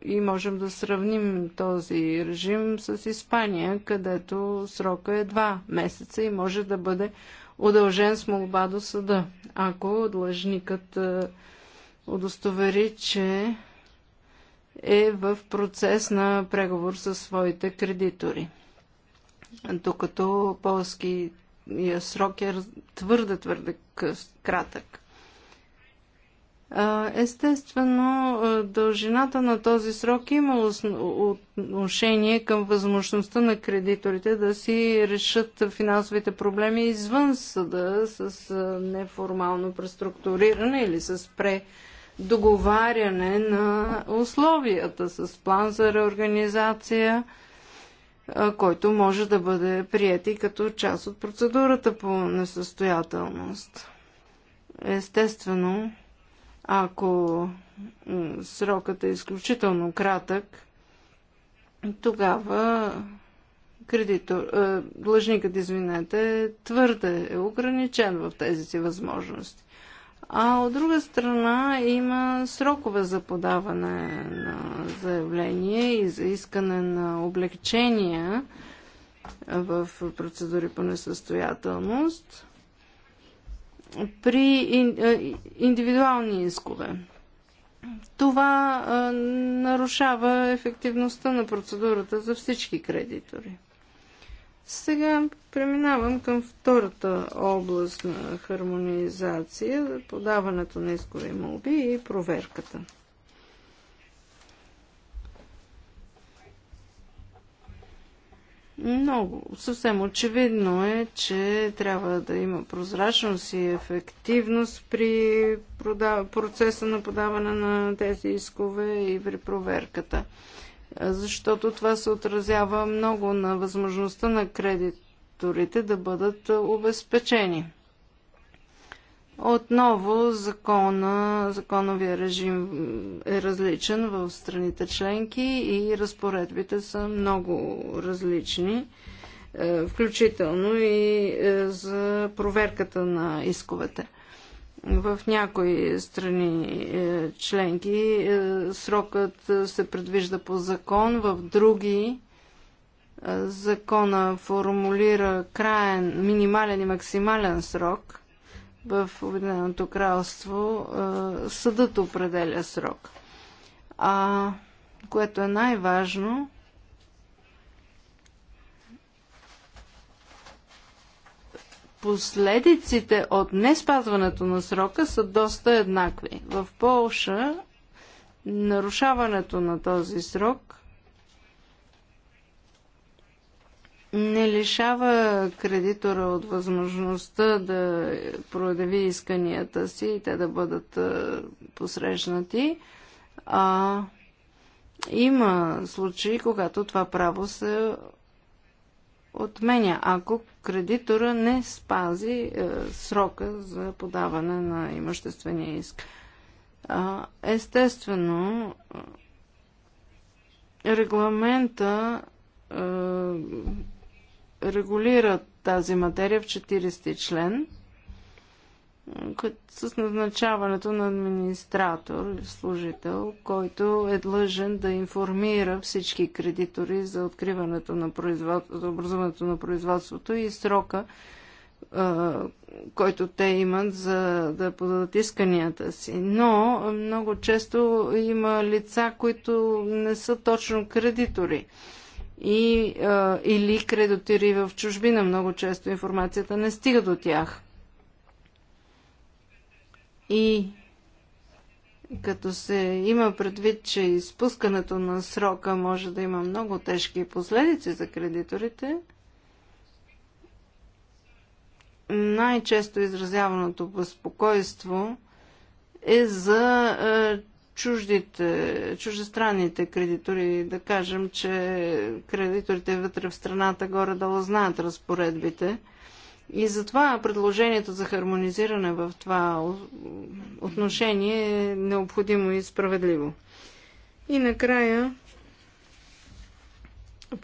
И можем да сравним този режим с Испания, където срока е два месеца и може да бъде удължен с молба до съда, ако длъжникът е, удостовери, че е в процес на преговор със своите кредитори. Докато полски е, срок е твърде, твърде кратък. Естествено, дължината на този срок има отношение към възможността на кредиторите да си решат финансовите проблеми извън съда с неформално преструктуриране или с предоговаряне на условията, с план за реорганизация – който може да бъде прият и като част от процедурата по несъстоятелност. Естествено, ако срокът е изключително кратък, тогава кредитор, длъжникът, извинете, твърде е ограничен в тези си възможности. А от друга страна има срокове за подаване на заявление и за искане на облегчения в процедури по несъстоятелност при индивидуални искове. Това нарушава ефективността на процедурата за всички кредитори. Сега преминавам към втората област на хармонизация, подаването на искови молби и проверката. Много. Съвсем очевидно е, че трябва да има прозрачност и ефективност при процеса на подаване на тези искове и при проверката защото това се отразява много на възможността на кредиторите да бъдат обезпечени. Отново закона, законовия режим е различен в страните членки и разпоредбите са много различни, е, включително и е, за проверката на исковете. В някои страни е, членки е, срокът е, се предвижда по закон, в други закона формулира краен, минимален и максимален срок. В Обединеното кралство съдът определя срок. А което е най-важно, последиците от неспазването на срока са доста еднакви. В Полша нарушаването на този срок не лишава кредитора от възможността да прояви исканията си и те да бъдат посрещнати, а има случаи, когато това право се отменя, ако кредитора не спази е, срока за подаване на имуществения иск. Естествено, е, регламента е, регулира тази материя в 40 член с назначаването на администратор, служител, който е длъжен да информира всички кредитори за откриването на производството, образуването на производството и срока, който те имат за да подадат исканията си. Но много често има лица, които не са точно кредитори и, или кредитори в чужбина. Много често информацията не стига до тях. И като се има предвид, че изпускането на срока може да има много тежки последици за кредиторите, най-често изразяваното безпокойство е за е, чуждите, чужестранните кредитори. Да кажем, че кредиторите вътре в страната горе-долу знаят разпоредбите – и затова предложението за хармонизиране в това отношение е необходимо и справедливо. И накрая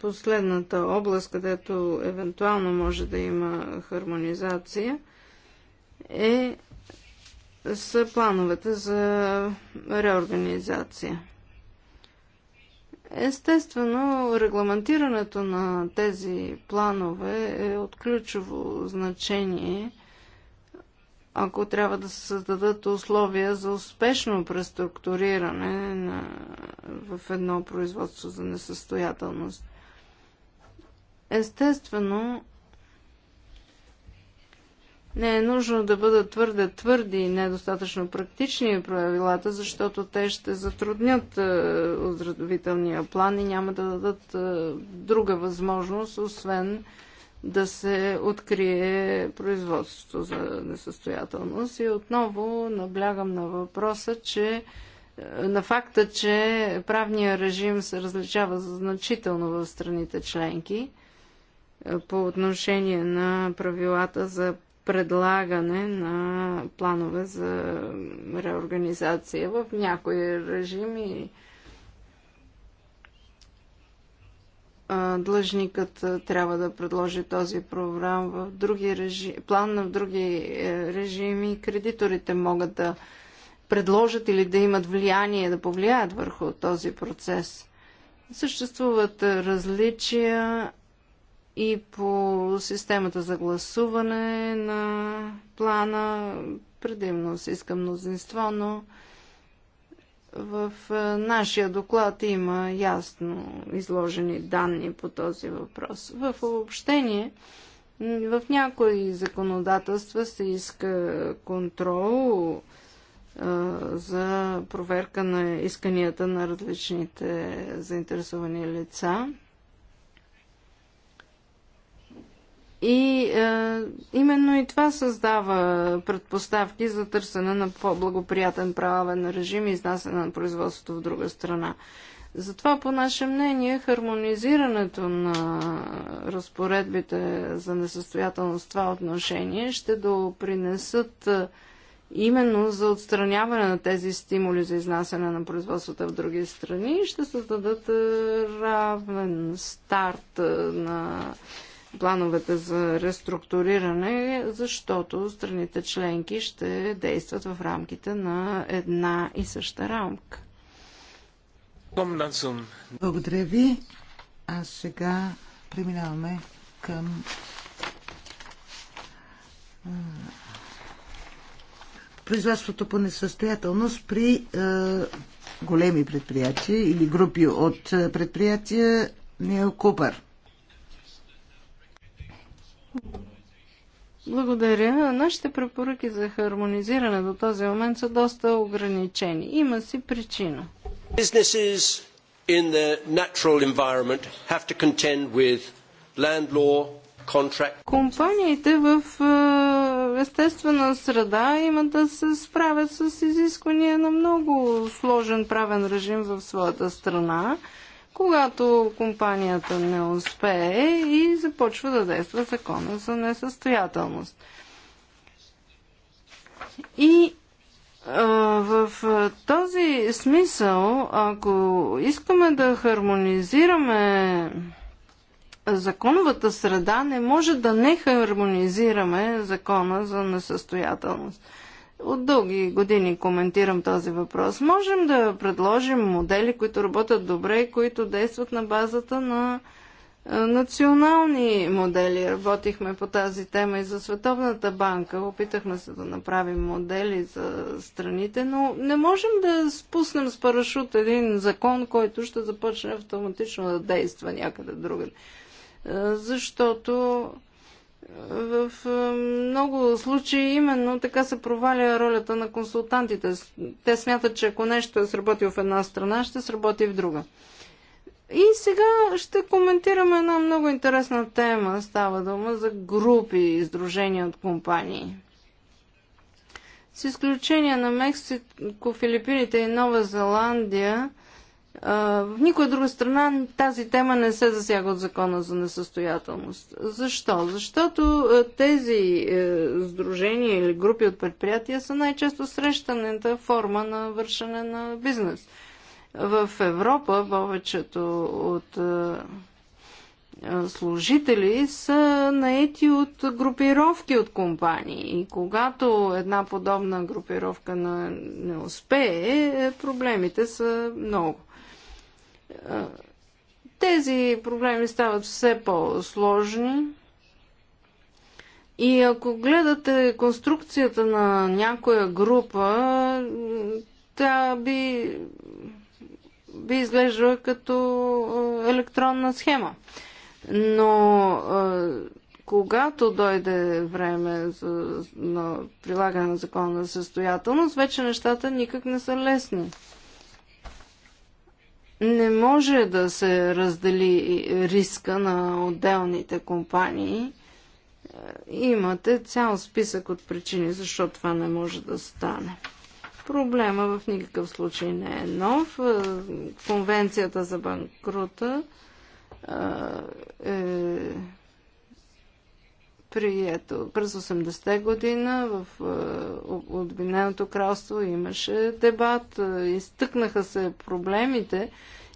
последната област, където евентуално може да има хармонизация, е са плановете за реорганизация. Естествено, регламентирането на тези планове е от ключово значение, ако трябва да се създадат условия за успешно преструктуриране на, в едно производство за несъстоятелност. Естествено, не е нужно да бъдат твърде твърди и недостатъчно практични правилата, защото те ще затруднят е, оздравителния план и няма да дадат е, друга възможност, освен да се открие производството за несъстоятелност. И отново наблягам на въпроса, че е, на факта, че правния режим се различава значително в страните членки по отношение на правилата за предлагане на планове за реорганизация в някои режими. Длъжникът трябва да предложи този програм в други режими, план в други е, режими. Кредиторите могат да предложат или да имат влияние, да повлияят върху този процес. Съществуват различия и по системата за гласуване на плана. Предимно се иска мнозинство, но в нашия доклад има ясно изложени данни по този въпрос. В обобщение, в някои законодателства се иска контрол за проверка на исканията на различните заинтересовани лица. И е, именно и това създава предпоставки за търсене на по-благоприятен правен режим и изнасяне на производството в друга страна. Затова, по наше мнение, хармонизирането на разпоредбите за несъстоятелност това отношение ще допринесат е, именно за отстраняване на тези стимули за изнасяне на производствата в други страни и ще създадат е, равен старт е, на плановете за реструктуриране, защото страните членки ще действат в рамките на една и съща рамка. Благодаря ви. А сега преминаваме към производството по несъстоятелност при големи предприятия или групи от предприятия Купър. Благодаря. Нашите препоръки за хармонизиране до този момент са доста ограничени. Има си причина. Businesses in the natural environment have to contend with land law, contract. Компаниите в естествена среда имат да се справят с изисквания на много сложен правен режим в своята страна когато компанията не успее и започва да действа закона за несъстоятелност. И в този смисъл, ако искаме да хармонизираме законовата среда, не може да не хармонизираме закона за несъстоятелност. От дълги години коментирам този въпрос. Можем да предложим модели, които работят добре и които действат на базата на е, национални модели. Работихме по тази тема и за Световната банка. Опитахме се да направим модели за страните, но не можем да спуснем с парашут един закон, който ще започне автоматично да действа някъде другаде. Е, защото в много случаи именно така се проваля ролята на консултантите. Те смятат, че ако нещо е сработил в една страна, ще сработи в друга. И сега ще коментираме една много интересна тема. Става дума за групи, издружения от компании. С изключение на Мексико, Филипините и Нова Зеландия – в никоя друга страна тази тема не се засяга от закона за несъстоятелност. Защо? Защото тези е, сдружения или групи от предприятия са най-често срещаната форма на вършене на бизнес. В Европа повечето от е, е, служители са наети от групировки от компании. И когато една подобна групировка не успее, проблемите са много. Тези проблеми стават все по-сложни. И ако гледате конструкцията на някоя група, тя би, би изглеждала като електронна схема. Но когато дойде време за, на прилагане на закона за състоятелност, вече нещата никак не са лесни не може да се раздели риска на отделните компании. Е, имате цял списък от причини, защо това не може да стане. Проблема в никакъв случай не е нов. Е, конвенцията за банкрута е, е прието. През 80-те година в е, Обединеното кралство имаше дебат, е, изтъкнаха се проблемите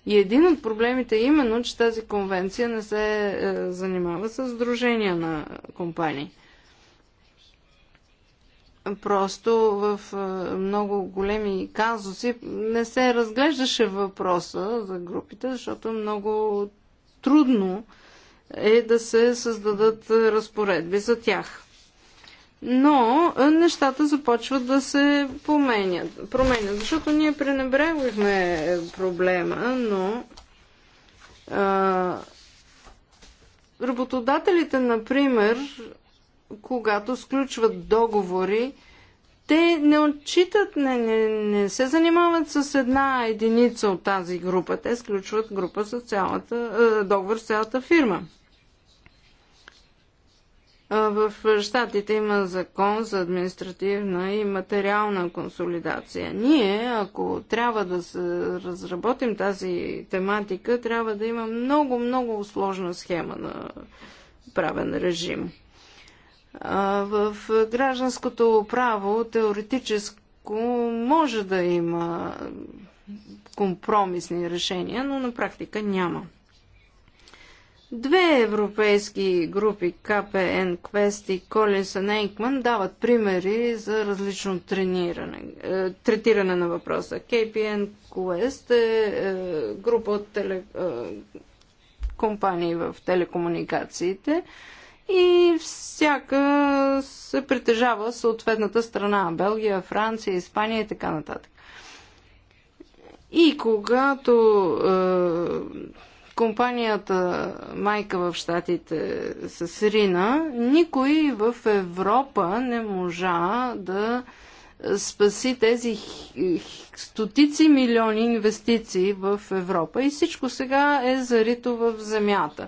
и един от проблемите е именно, че тази конвенция не се е, занимава с сдружения на компании. Просто в е, много големи казуси не се разглеждаше въпроса за групите, защото е много трудно е, е да се създадат е, разпоредби за тях. Но е, нещата започват да се поменят, променят, защото ние пренебрегвахме е, проблема, но а, работодателите, например, когато сключват договори, те не отчитат, не, не, не се занимават с една единица от тази група. Те сключват група с цялата, договор с цялата фирма. В Штатите има закон за административна и материална консолидация. Ние, ако трябва да се разработим тази тематика, трябва да има много, много сложна схема на правен режим. В гражданското право теоретическо може да има компромисни решения, но на практика няма. Две европейски групи, КПН Квест и Колинсън Енкман, дават примери за различно трениране, е, третиране на въпроса. KPN Quest е, е група от теле, е, компании в телекомуникациите и всяка се притежава съответната страна Белгия, Франция, Испания и така нататък. И когато е, компанията майка в Штатите с Рина, никой в Европа не можа да спаси тези стотици милиони инвестиции в Европа и всичко сега е зарито в земята.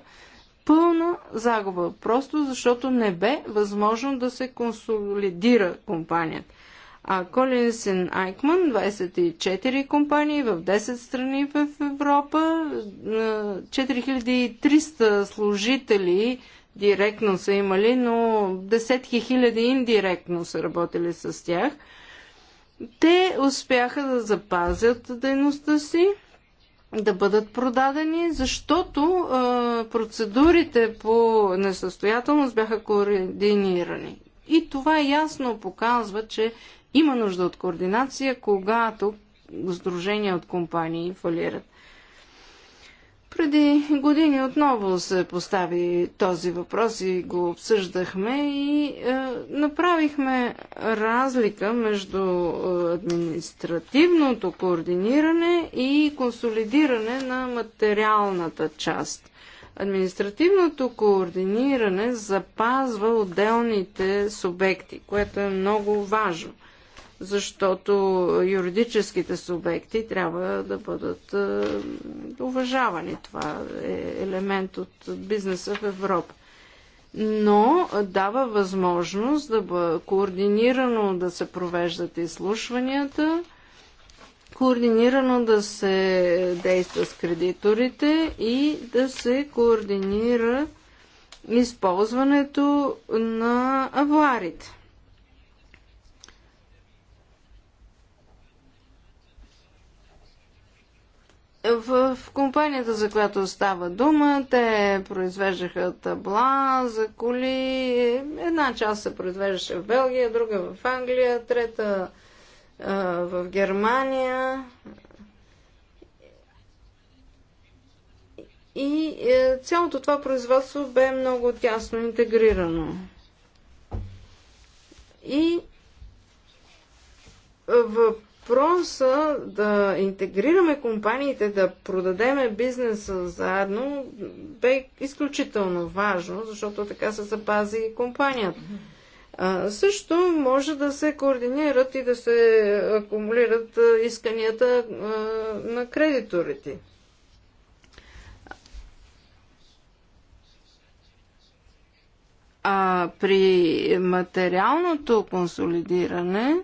Пълна загуба, просто защото не бе възможно да се консолидира компанията. А Колинсен Айкман, 24 компании в 10 страни в Европа, 4300 служители директно са имали, но десетки хиляди индиректно са работили с тях. Те успяха да запазят дейността си, да бъдат продадени, защото а, процедурите по несъстоятелност бяха координирани. И това ясно показва, че има нужда от координация, когато сдружения от компании фалират. Преди години отново се постави този въпрос и го обсъждахме и е, направихме разлика между е, административното координиране и консолидиране на материалната част. Административното координиране запазва отделните субекти, което е много важно защото юридическите субекти трябва да бъдат е, уважавани. Това е елемент от бизнеса в Европа. Но дава възможност да бъде координирано да се провеждат изслушванията, координирано да се действа с кредиторите и да се координира използването на авуарите. В компанията, за която става дума, те произвеждаха табла за коли. Една част се произвеждаше в Белгия, друга в Англия, трета в Германия. И е, цялото това производство бе много тясно интегрирано. И в въпроса да интегрираме компаниите, да продадеме бизнеса заедно, бе изключително важно, защото така се запази и компанията. А, също може да се координират и да се акумулират исканията а, на кредиторите. А при материалното консолидиране,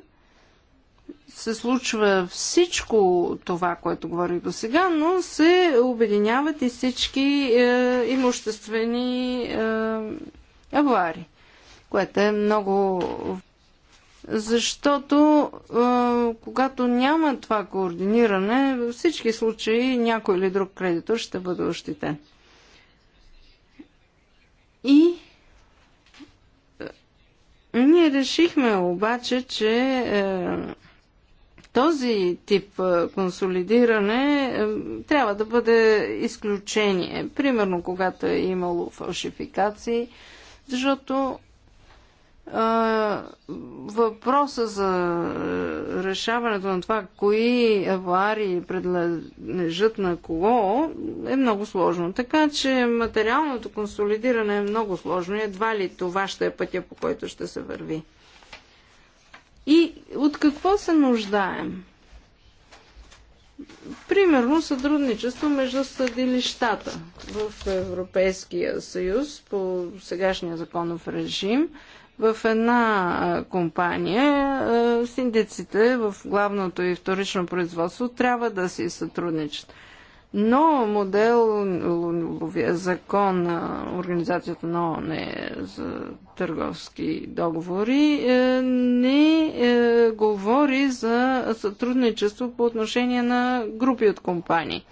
се случва всичко това, което говорих до сега, но се обединяват и всички е, имуществени е, аварии, което е много. Защото е, когато няма това координиране, във всички случаи някой или друг кредитор ще бъде ощетен. И е, ние решихме обаче, че е, този тип консолидиране трябва да бъде изключение. Примерно, когато е имало фалшификации, защото въпроса за решаването на това, кои аварии предлежат на кого, е много сложно. Така че материалното консолидиране е много сложно и едва ли това ще е пътя, по който ще се върви. И от какво се нуждаем? Примерно сътрудничество между съдилищата в Европейския съюз по сегашния законов режим. В една компания синдиците в главното и вторично производство трябва да си сътрудничат. Но модел закон на Организацията на ООН е за търговски договори, е, не е, говори за сътрудничество по отношение на групи от компании.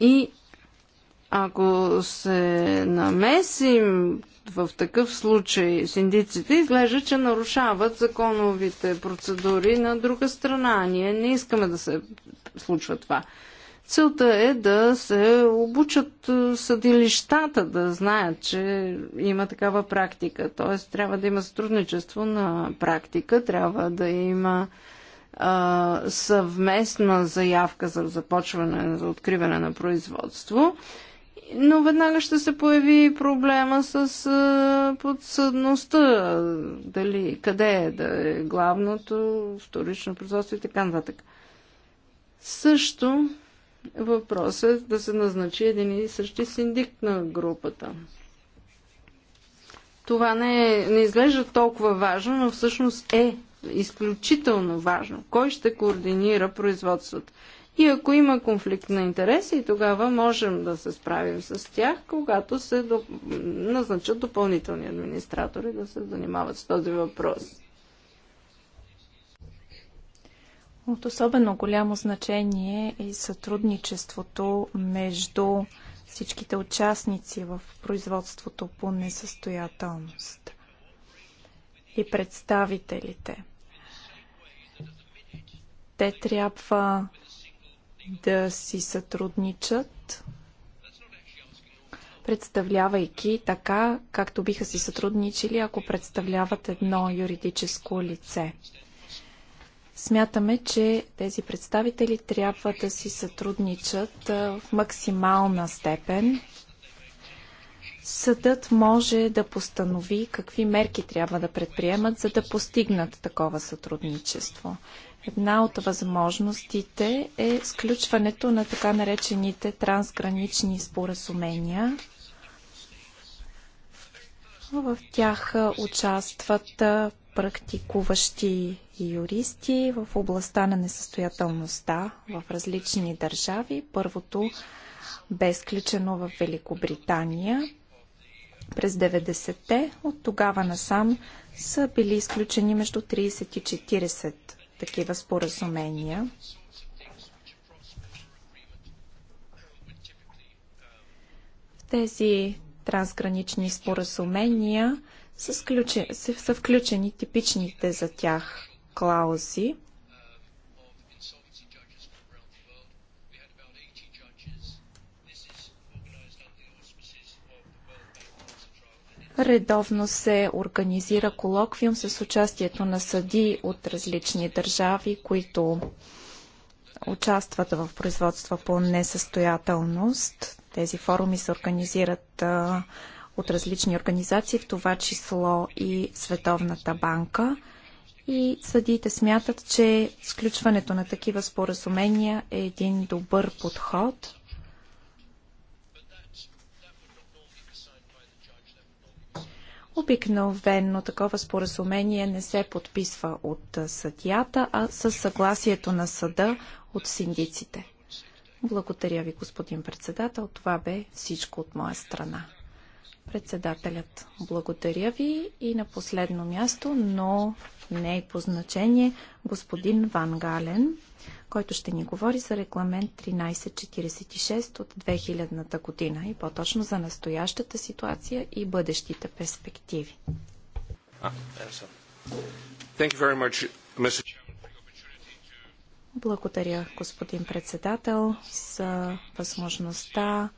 И ако се намесим в такъв случай синдиците, изглежда, че нарушават законовите процедури на друга страна. Ние не искаме да се случва това. Целта е да се обучат е, съдилищата да знаят, че има такава практика. Т.е. трябва да има сътрудничество на практика, трябва да има а, съвместна заявка за започване, за откриване на производство. Но веднага ще се появи проблема с а, подсъдността. Дали, къде е да е главното, вторично производство и така нататък. Също въпросът е да се назначи един и същи синдик на групата. Това не, не изглежда толкова важно, но всъщност е изключително важно. Кой ще координира производството? И ако има конфликт на интереси, тогава можем да се справим с тях, когато се до... назначат допълнителни администратори да се занимават с този въпрос. От особено голямо значение е сътрудничеството между всичките участници в производството по несъстоятелност и представителите. Те трябва да си сътрудничат, представлявайки така, както биха си сътрудничили, ако представляват едно юридическо лице. Смятаме, че тези представители трябва да си сътрудничат в максимална степен. Съдът може да постанови какви мерки трябва да предприемат, за да постигнат такова сътрудничество. Една от възможностите е сключването на така наречените трансгранични споразумения. В тях участват практикуващи юристи в областта на несъстоятелността в различни държави. Първото бе изключено в Великобритания през 90-те. От тогава насам са били изключени между 30 и 40 такива споразумения. В тези трансгранични споразумения са, са включени типичните за тях клаузи. Редовно се организира колоквиум с участието на съди от различни държави, които участват в производства по несъстоятелност. Тези форуми се организират от различни организации, в това число и Световната банка и съдиите смятат, че сключването на такива споразумения е един добър подход. Обикновено такова споразумение не се подписва от съдията, а със съгласието на съда от синдиците. Благодаря ви, господин председател. Това бе всичко от моя страна. Председателят, благодаря ви и на последно място, но не е по значение, господин Ван Гален, който ще ни говори за регламент 1346 от 2000-та година и по-точно за настоящата ситуация и бъдещите перспективи. Е, благодаря, господин председател, за възможността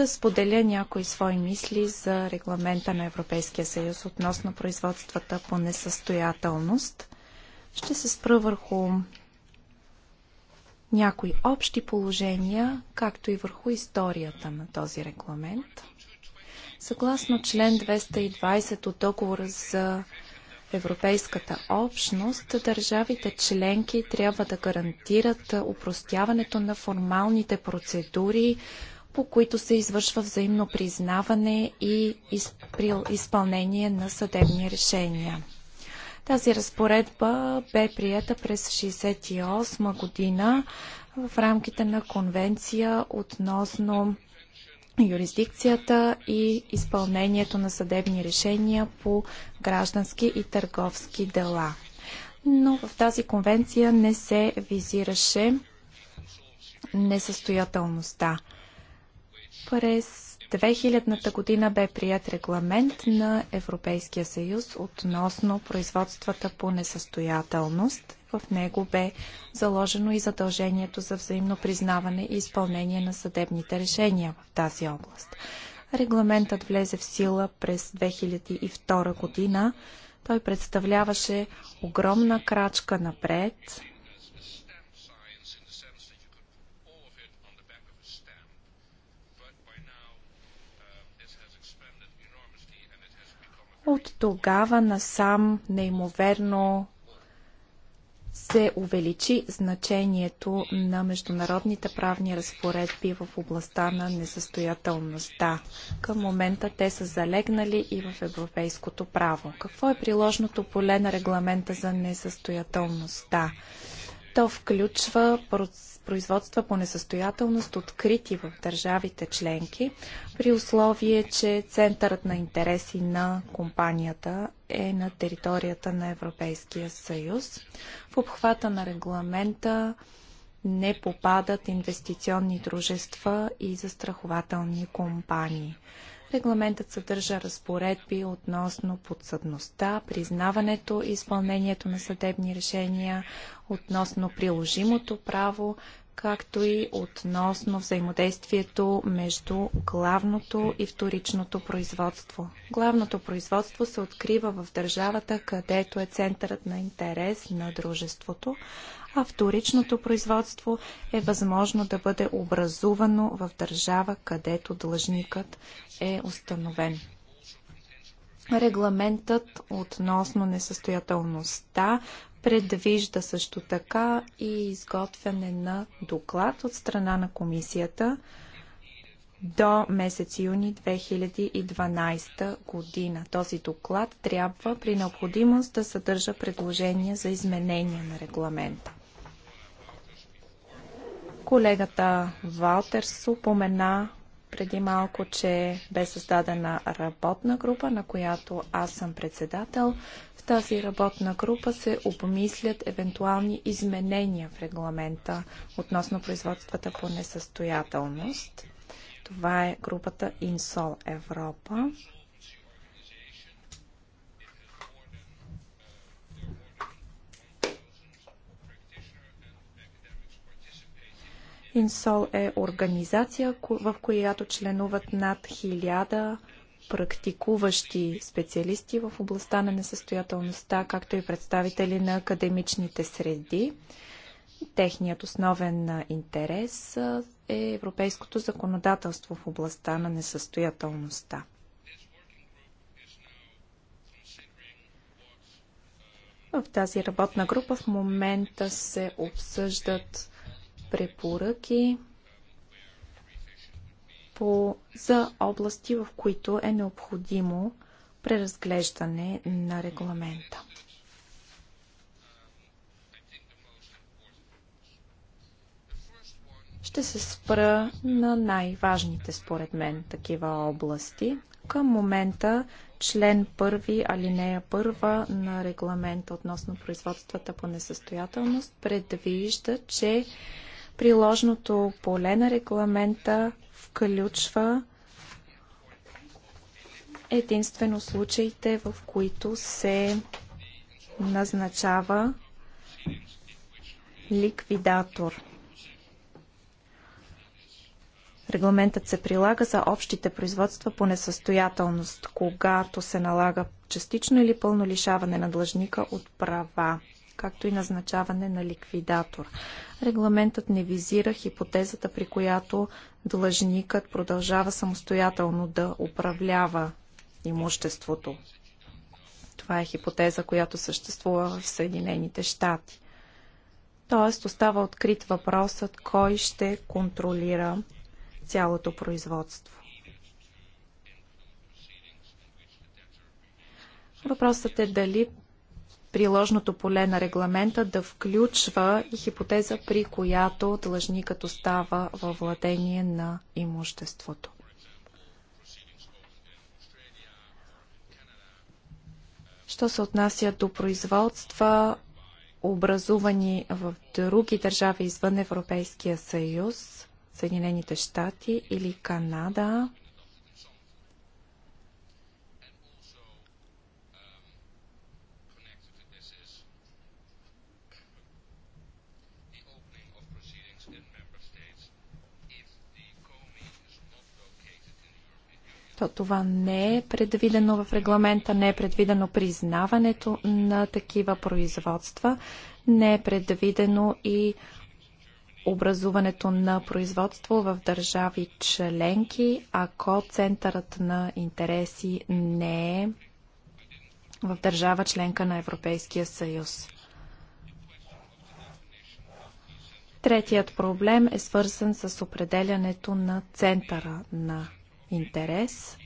да споделя някои свои мисли за регламента на Европейския съюз относно производствата по несъстоятелност. Ще се спра върху някои общи положения, както и върху историята на този регламент. Съгласно член 220 от договора за Европейската общност, държавите членки трябва да гарантират упростяването на формалните процедури, по които се извършва взаимно признаване и изпълнение на съдебни решения. Тази разпоредба бе прията през 1968 година в рамките на конвенция относно юрисдикцията и изпълнението на съдебни решения по граждански и търговски дела. Но в тази конвенция не се визираше несъстоятелността. През 2000-та година бе прият регламент на Европейския съюз относно производствата по несъстоятелност. В него бе заложено и задължението за взаимно признаване и изпълнение на съдебните решения в тази област. Регламентът влезе в сила през 2002 година. Той представляваше огромна крачка напред От тогава насам неимоверно се увеличи значението на международните правни разпоредби в областта на несъстоятелността. Към момента те са залегнали и в европейското право. Какво е приложното поле на регламента за несъстоятелността? То включва производства по несъстоятелност, открити в държавите членки, при условие, че центърът на интереси на компанията е на територията на Европейския съюз. В обхвата на регламента не попадат инвестиционни дружества и застрахователни компании. Регламентът съдържа разпоредби относно подсъдността, признаването и изпълнението на съдебни решения, относно приложимото право, както и относно взаимодействието между главното и вторичното производство. Главното производство се открива в държавата, където е центърът на интерес на дружеството, а вторичното производство е възможно да бъде образувано в държава, където длъжникът е установен. Регламентът относно несъстоятелността предвижда също така и изготвяне на доклад от страна на комисията до месец юни 2012 година. Този доклад трябва при необходимост да съдържа предложения за изменение на регламента. Колегата Валтерс упомена преди малко, че бе създадена работна група, на която аз съм председател. В тази работна група се обмислят евентуални изменения в регламента относно производствата по несъстоятелност. Това е групата Инсол Европа. Инсол е организация, в която членуват над хиляда практикуващи специалисти в областта на несъстоятелността, както и представители на академичните среди. Техният основен интерес е европейското законодателство в областта на несъстоятелността. В тази работна група в момента се обсъждат препоръки по, за области, в които е необходимо преразглеждане на регламента. Ще се спра на най-важните според мен такива области. Към момента член 1, алинея 1 на регламента относно производствата по несъстоятелност предвижда, че Приложното поле на регламента включва единствено случаите, в които се назначава ликвидатор. Регламентът се прилага за общите производства по несъстоятелност, когато се налага частично или пълно лишаване на длъжника от права както и назначаване на ликвидатор. Регламентът не визира хипотезата, при която длъжникът продължава самостоятелно да управлява имуществото. Това е хипотеза, която съществува в Съединените щати. Тоест остава открит въпросът кой ще контролира цялото производство. Въпросът е дали приложното поле на регламента да включва и хипотеза, при която длъжникът остава във владение на имуществото. Що се отнася до производства, образувани в други държави извън Европейския съюз, Съединените щати или Канада, То това не е предвидено в регламента, не е предвидено признаването на такива производства, не е предвидено и образуването на производство в държави членки, ако центърът на интереси не е в държава членка на Европейския съюз. Третият проблем е свързан с определянето на центъра на интерес.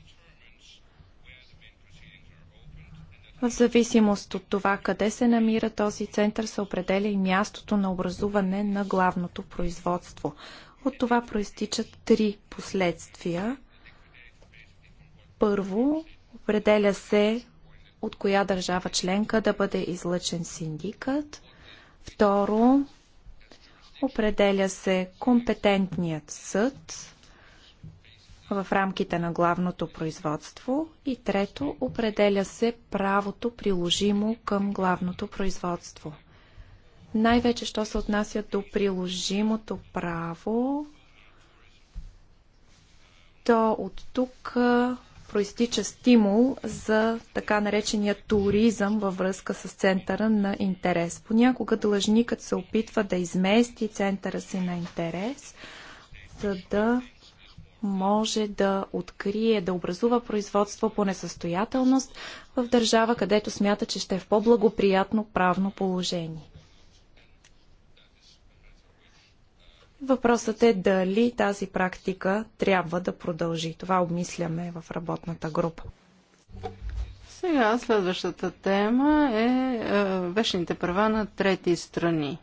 В зависимост от това къде се намира този център се определя и мястото на образуване на главното производство. От това проистичат три последствия. Първо, определя се от коя държава членка да бъде излъчен синдикът. Второ, определя се компетентният съд в рамките на главното производство и трето определя се правото приложимо към главното производство. Най-вече, що се отнася до приложимото право, то от тук проистича стимул за така наречения туризъм във връзка с центъра на интерес. Понякога длъжникът се опитва да измести центъра си на интерес, за да може да открие, да образува производство по несъстоятелност в държава, където смята, че ще е в по-благоприятно правно положение. Въпросът е дали тази практика трябва да продължи. Това обмисляме в работната група. Сега следващата тема е, е вечните права на трети страни.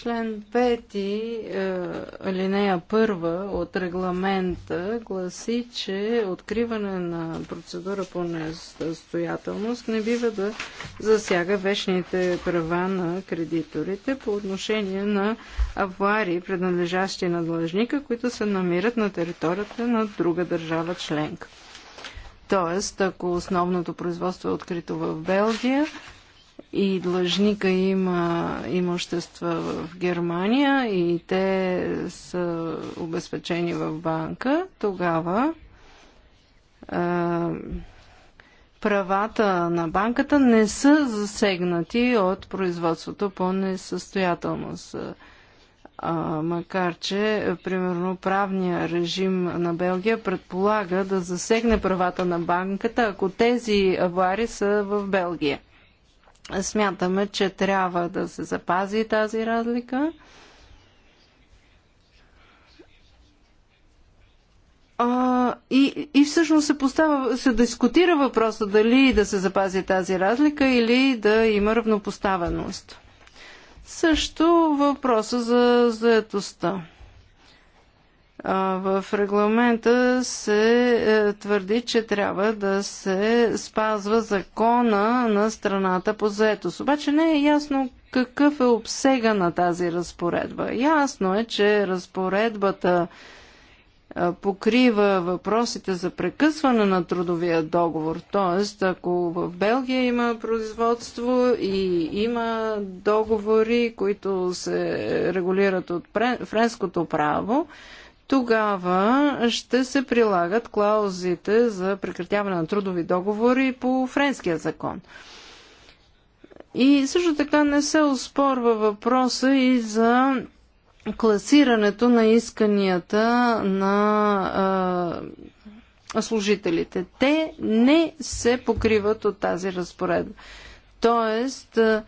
Член 5, е, алинея 1 от регламента гласи, че откриване на процедура по несъстоятелност не бива да засяга вечните права на кредиторите по отношение на аварии, принадлежащи на длъжника, които се намират на територията на друга държава членка. Тоест, ако основното производство е открито в Белгия, и длъжника има имущества в Германия и те са обезпечени в банка, тогава а, правата на банката не са засегнати от производството по несъстоятелност. А, макар че, примерно, правния режим на Белгия предполага да засегне правата на банката, ако тези авари са в Белгия. Смятаме, че трябва да се запази тази разлика. А, и, и всъщност се поставя, се дискутира въпроса дали да се запази тази разлика или да има равнопоставеност. Също въпроса за заетостта. В регламента се е, твърди, че трябва да се спазва закона на страната по заетост. Обаче не е ясно какъв е обсега на тази разпоредба. Ясно е, че разпоредбата е, покрива въпросите за прекъсване на трудовия договор. Тоест, ако в Белгия има производство и има договори, които се регулират от френското право, тогава ще се прилагат клаузите за прекратяване на трудови договори по френския закон. И също така не се оспорва въпроса и за класирането на исканията на а, служителите. Те не се покриват от тази разпоредба. Тоест, а,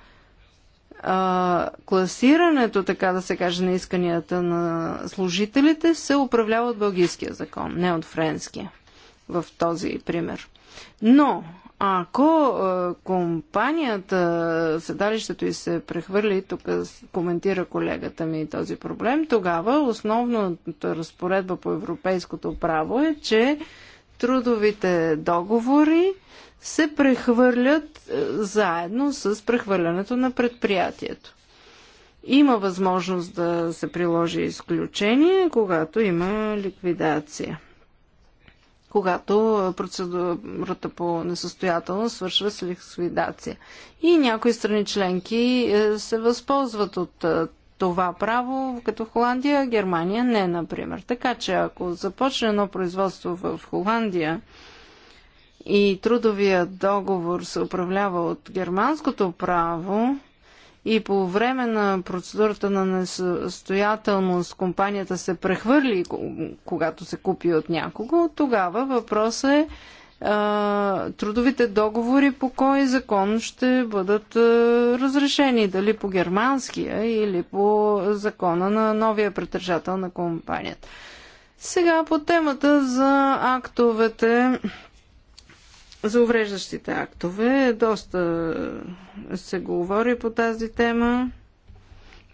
а, класирането, така да се каже, на исканията на служителите се управлява от бългийския закон, не от френския в този пример. Но ако компанията, седалището и се прехвърли, тук коментира колегата ми този проблем, тогава основната разпоредба по европейското право е, че трудовите договори се прехвърлят е, заедно с прехвърлянето на предприятието. Има възможност да се приложи изключение, когато има ликвидация. Когато процедурата по несъстоятелност свършва с ликвидация. И някои страни членки е, се възползват от е, това право, като Холандия, Германия не, например. Така че ако започне едно производство в Холандия, и трудовия договор се управлява от германското право и по време на процедурата на несъстоятелност компанията се прехвърли, когато се купи от някого, тогава въпросът е трудовите договори по кой закон ще бъдат разрешени, дали по германския или по закона на новия притежател на компанията. Сега по темата за актовете за увреждащите актове доста се говори по тази тема.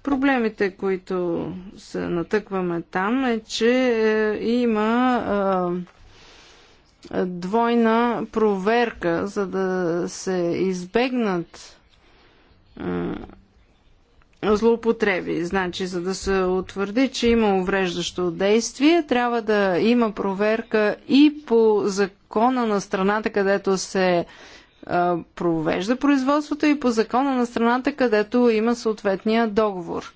Проблемите, които се натъкваме там е, че е, има двойна проверка, за да се избегнат злоупотреби. Значи, за да се утвърди, че има увреждащо действие, трябва да има проверка и по закона на страната, където се а, провежда производството и по закона на страната, където има съответния договор.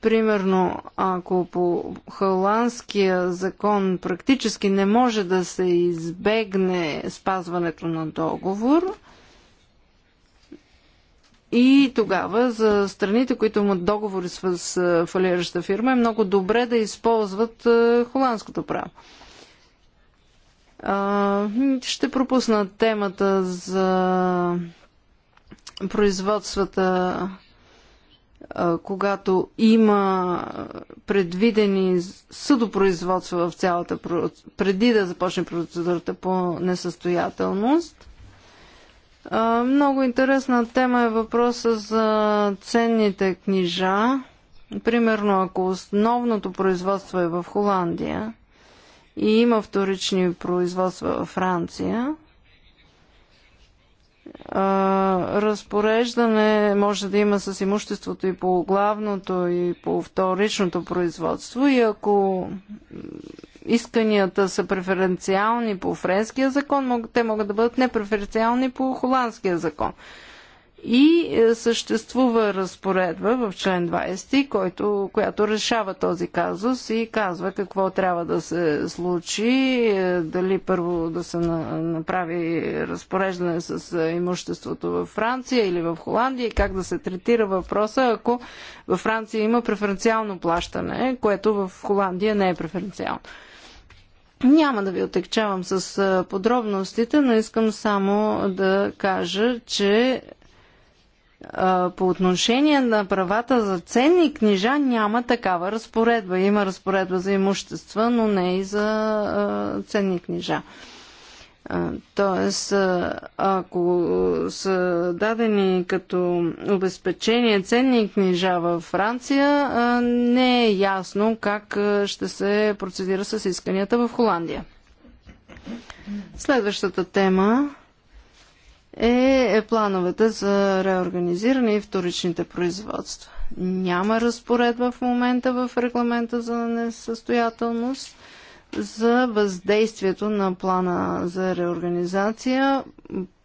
Примерно, ако по холандския закон практически не може да се избегне спазването на договор, и тогава за страните, които имат договори с фалираща фирма, е много добре да използват е, холандското право. Ще пропусна темата за производствата, когато има предвидени съдопроизводства в цялата, преди да започне процедурата по несъстоятелност много интересна тема е въпроса за ценните книжа. Примерно, ако основното производство е в Холандия и има вторични производства във Франция, разпореждане може да има с имуществото и по главното и по вторичното производство и ако исканията са преференциални по френския закон, те могат да бъдат непреференциални по холандския закон. И е, съществува разпоредба в член 20, който, която решава този казус и казва какво трябва да се случи, е, дали първо да се направи разпореждане с е, имуществото във Франция или в Холандия и как да се третира въпроса, ако във Франция има преференциално плащане, което в Холандия не е преференциално. Няма да ви отекчавам с подробностите, но искам само да кажа, че по отношение на правата за ценни книжа няма такава разпоредба. Има разпоредба за имущества, но не и за ценни книжа. Тоест, ако са дадени като обезпечение ценни книжа във Франция, не е ясно как ще се процедира с исканията в Холандия. Следващата тема е плановете за реорганизиране и вторичните производства. Няма разпоредба в момента в регламента за несъстоятелност за въздействието на плана за реорганизация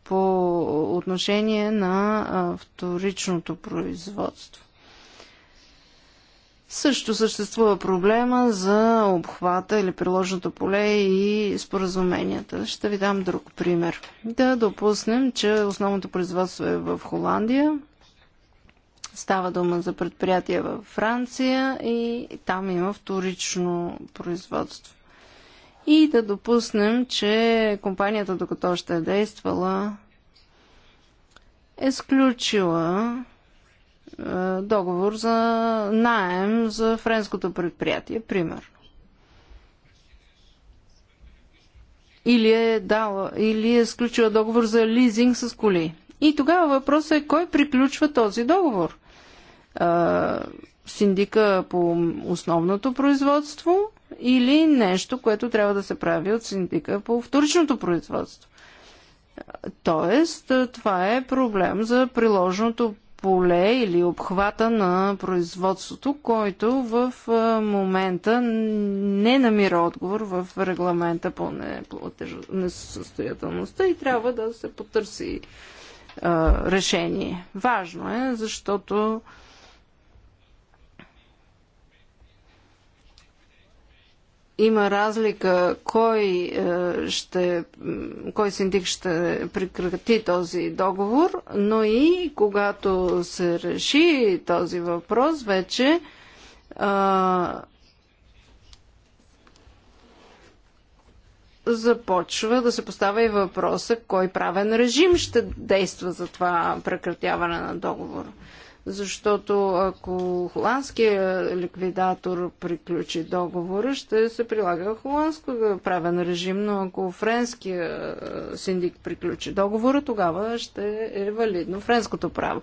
по отношение на вторичното производство. Също съществува проблема за обхвата или приложното поле и споразуменията. Ще ви дам друг пример. Да допуснем, че основното производство е в Холандия. Става дума за предприятия във Франция и там има вторично производство. И да допуснем, че компанията, докато ще е действала, е сключила е, договор за найем за френското предприятие, примерно. Или е, дала, или е сключила договор за лизинг с коли. И тогава въпросът е кой приключва този договор. А, е, синдика по основното производство или нещо, което трябва да се прави от синдика по вторичното производство. Тоест, това е проблем за приложното поле или обхвата на производството, който в момента не намира отговор в регламента по несъстоятелността и трябва да се потърси решение. Важно е, защото има разлика кой, е, ще, кой синдик ще прекрати този договор, но и когато се реши този въпрос, вече а, е, започва да се поставя и въпроса кой правен режим ще действа за това прекратяване на договора защото ако холандския ликвидатор приключи договора, ще се прилага холандско правен режим, но ако френския синдик приключи договора, тогава ще е валидно френското право.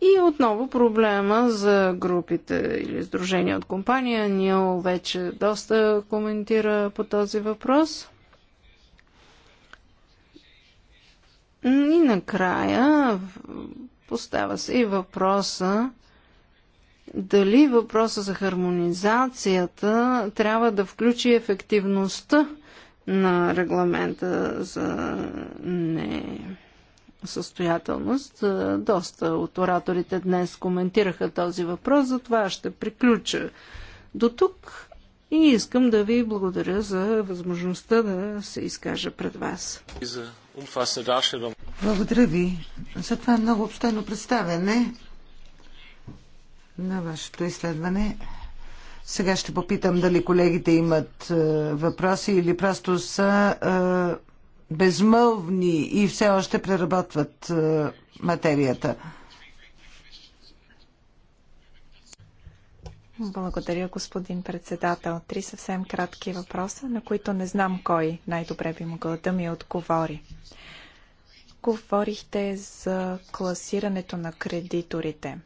И отново проблема за групите или сдружения от компания. Нил вече доста коментира по този въпрос. И накрая Постава се и въпроса дали въпроса за хармонизацията трябва да включи ефективността на регламента за състоятелност. Доста от ораторите днес коментираха този въпрос, затова ще приключа до тук и искам да ви благодаря за възможността да се изкажа пред вас. И за благодаря ви за това много обстойно представяне на вашето изследване. Сега ще попитам дали колегите имат е, въпроси или просто са е, безмълвни и все още преработват е, материята. Благодаря, господин председател. Три съвсем кратки въпроса, на които не знам кой най-добре би могъл да ми отговори. Говорихте за класирането на кредиторите.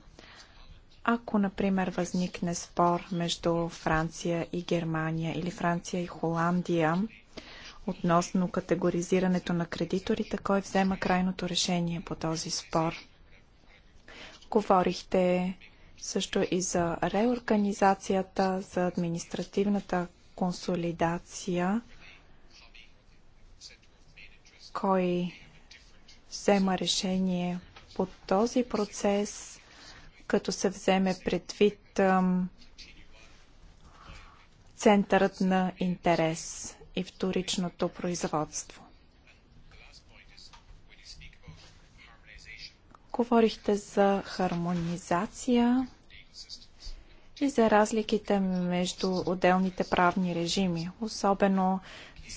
Ако, например, възникне спор между Франция и Германия или Франция и Холандия относно категоризирането на кредиторите, кой взема крайното решение по този спор? Говорихте също и за реорганизацията, за административната консолидация, кой взема решение по този процес, като се вземе предвид центърът на интерес и вторичното производство. Говорихте за хармонизация и за разликите между отделните правни режими, особено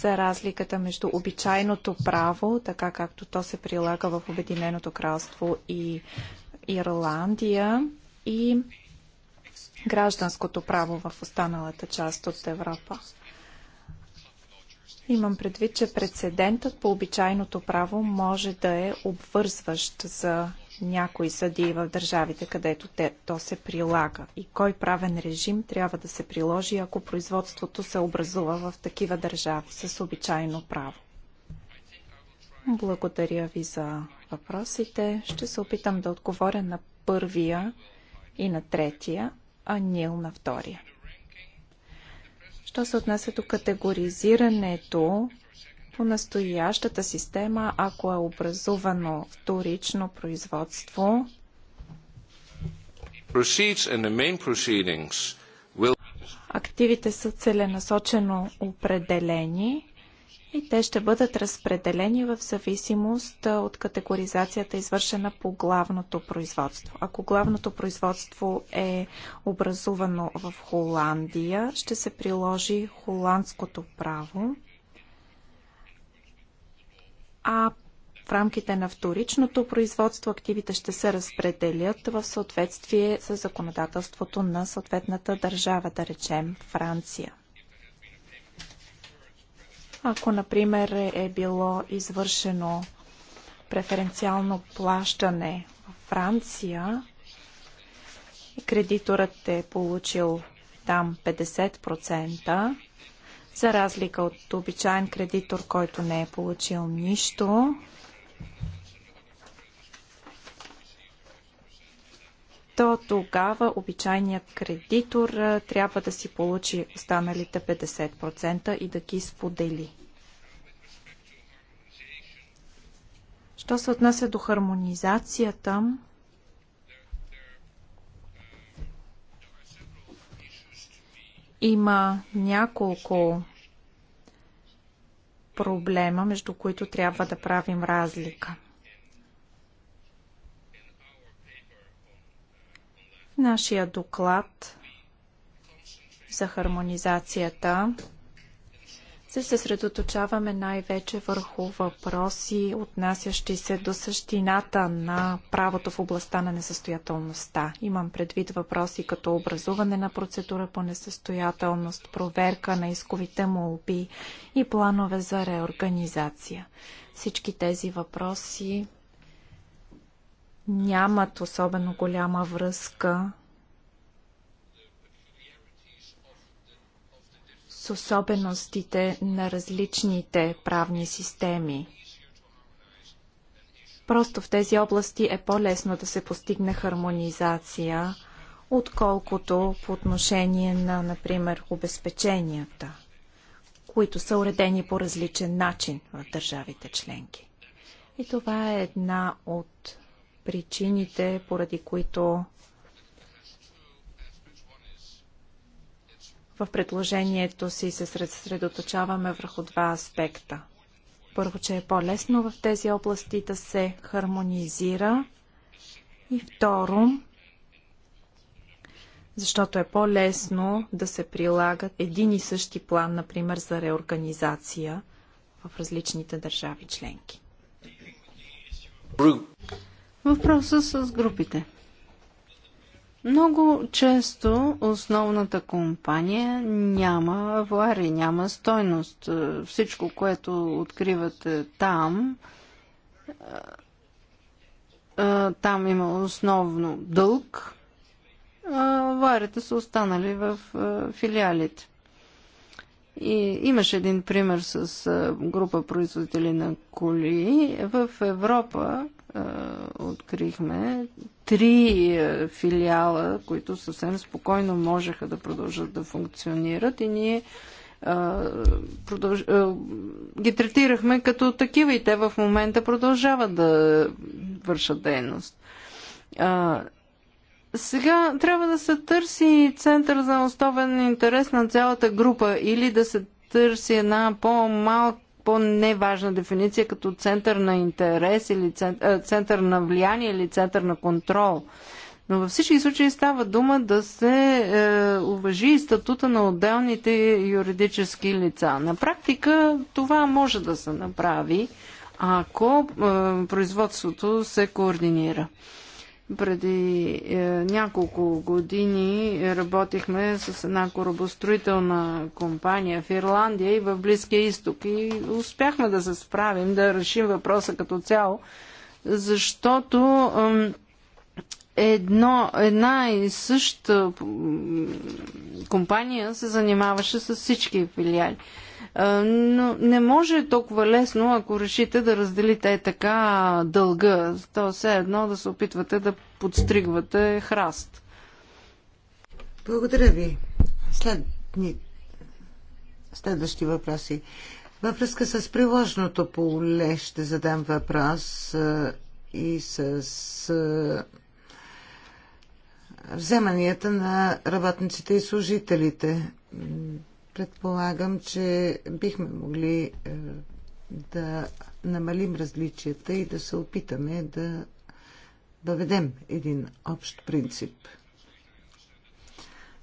за разликата между обичайното право, така както то се прилага в Обединеното кралство и Ирландия, и гражданското право в останалата част от Европа. Имам предвид, че прецедентът по обичайното право може да е обвързващ за някои съдии в държавите, където те, то се прилага и кой правен режим трябва да се приложи, ако производството се образува в такива държави с обичайно право. Благодаря ви за въпросите. Ще се опитам да отговоря на първия и на третия, а Нил на втория. Що се отнася до категоризирането по настоящата система, ако е образувано вторично производство, активите са целенасочено определени и те ще бъдат разпределени в зависимост от категоризацията, извършена по главното производство. Ако главното производство е образувано в Холандия, ще се приложи холандското право а в рамките на вторичното производство активите ще се разпределят в съответствие с законодателството на съответната държава, да речем Франция. Ако, например, е било извършено преференциално плащане в Франция, кредиторът е получил там 50%, за разлика от обичайен кредитор, който не е получил нищо, то тогава обичайният кредитор трябва да си получи останалите 50% и да ги сподели. Що се отнася до хармонизацията, Има няколко проблема, между които трябва да правим разлика. В нашия доклад за хармонизацията се съсредоточаваме най-вече върху въпроси, отнасящи се до същината на правото в областта на несъстоятелността. Имам предвид въпроси като образуване на процедура по несъстоятелност, проверка на исковите молби и планове за реорганизация. Всички тези въпроси нямат особено голяма връзка с особеностите на различните правни системи. Просто в тези области е по-лесно да се постигне хармонизация, отколкото по отношение на, например, обезпеченията, които са уредени по различен начин в държавите членки. И това е една от причините, поради които В предложението си се средоточаваме върху два аспекта. Първо, че е по-лесно в тези области да се хармонизира. И второ, защото е по-лесно да се прилагат един и същи план, например за реорганизация в различните държави членки. Въпроса с групите. Много често основната компания няма авуари, няма стойност. Е, всичко, което откривате там, е, е, там има основно дълг. Аварите са останали в филиалите. И имаше един пример с група производители на коли. В Европа открихме, три е, филиала, които съвсем спокойно можеха да продължат да функционират и ние е, продълж... Е, ги третирахме като такива и те в момента продължават да вършат дейност. сега трябва да се търси център за основен интерес на цялата група или да се търси една по-малка по-неважна дефиниция като център на интерес или е, център на влияние или център на контрол. Но във всички случаи става дума да се е, уважи статута на отделните юридически лица. На практика това може да се направи, ако е, производството се координира. Преди е, няколко години работихме с една корабостроителна компания в Ирландия и в Близкия изток и успяхме да се справим, да решим въпроса като цяло, защото е, едно, една и съща компания се занимаваше с всички филиали. Е, но не може толкова лесно, ако решите да разделите е така дълга. То е все едно да се опитвате да подстригвате храст. Благодаря ви. След... Следващи въпроси. Във връзка с приложното поле ще задам въпрос и с вземанията на работниците и служителите. Предполагам, че бихме могли е, да намалим различията и да се опитаме да въведем един общ принцип.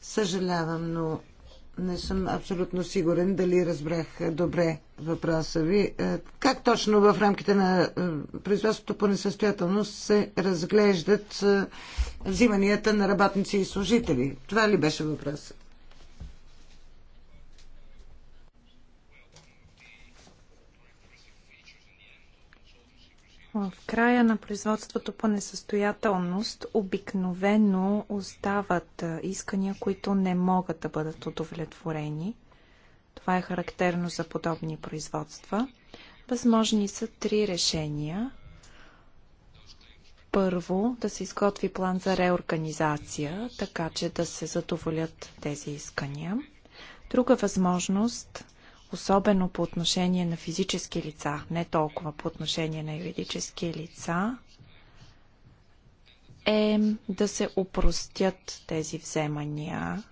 Съжалявам, но не съм абсолютно сигурен дали разбрах е, добре въпроса ви. Е, как точно в рамките на производството по несъстоятелност се разглеждат взиманията на работници и служители? Това ли беше въпрос? В края на производството по несъстоятелност обикновено остават искания, които не могат да бъдат удовлетворени. Това е характерно за подобни производства. Възможни са три решения. Първо, да се изготви план за реорганизация, така че да се задоволят тези искания. Друга възможност особено по отношение на физически лица, не толкова по отношение на юридически лица, е да се упростят тези вземания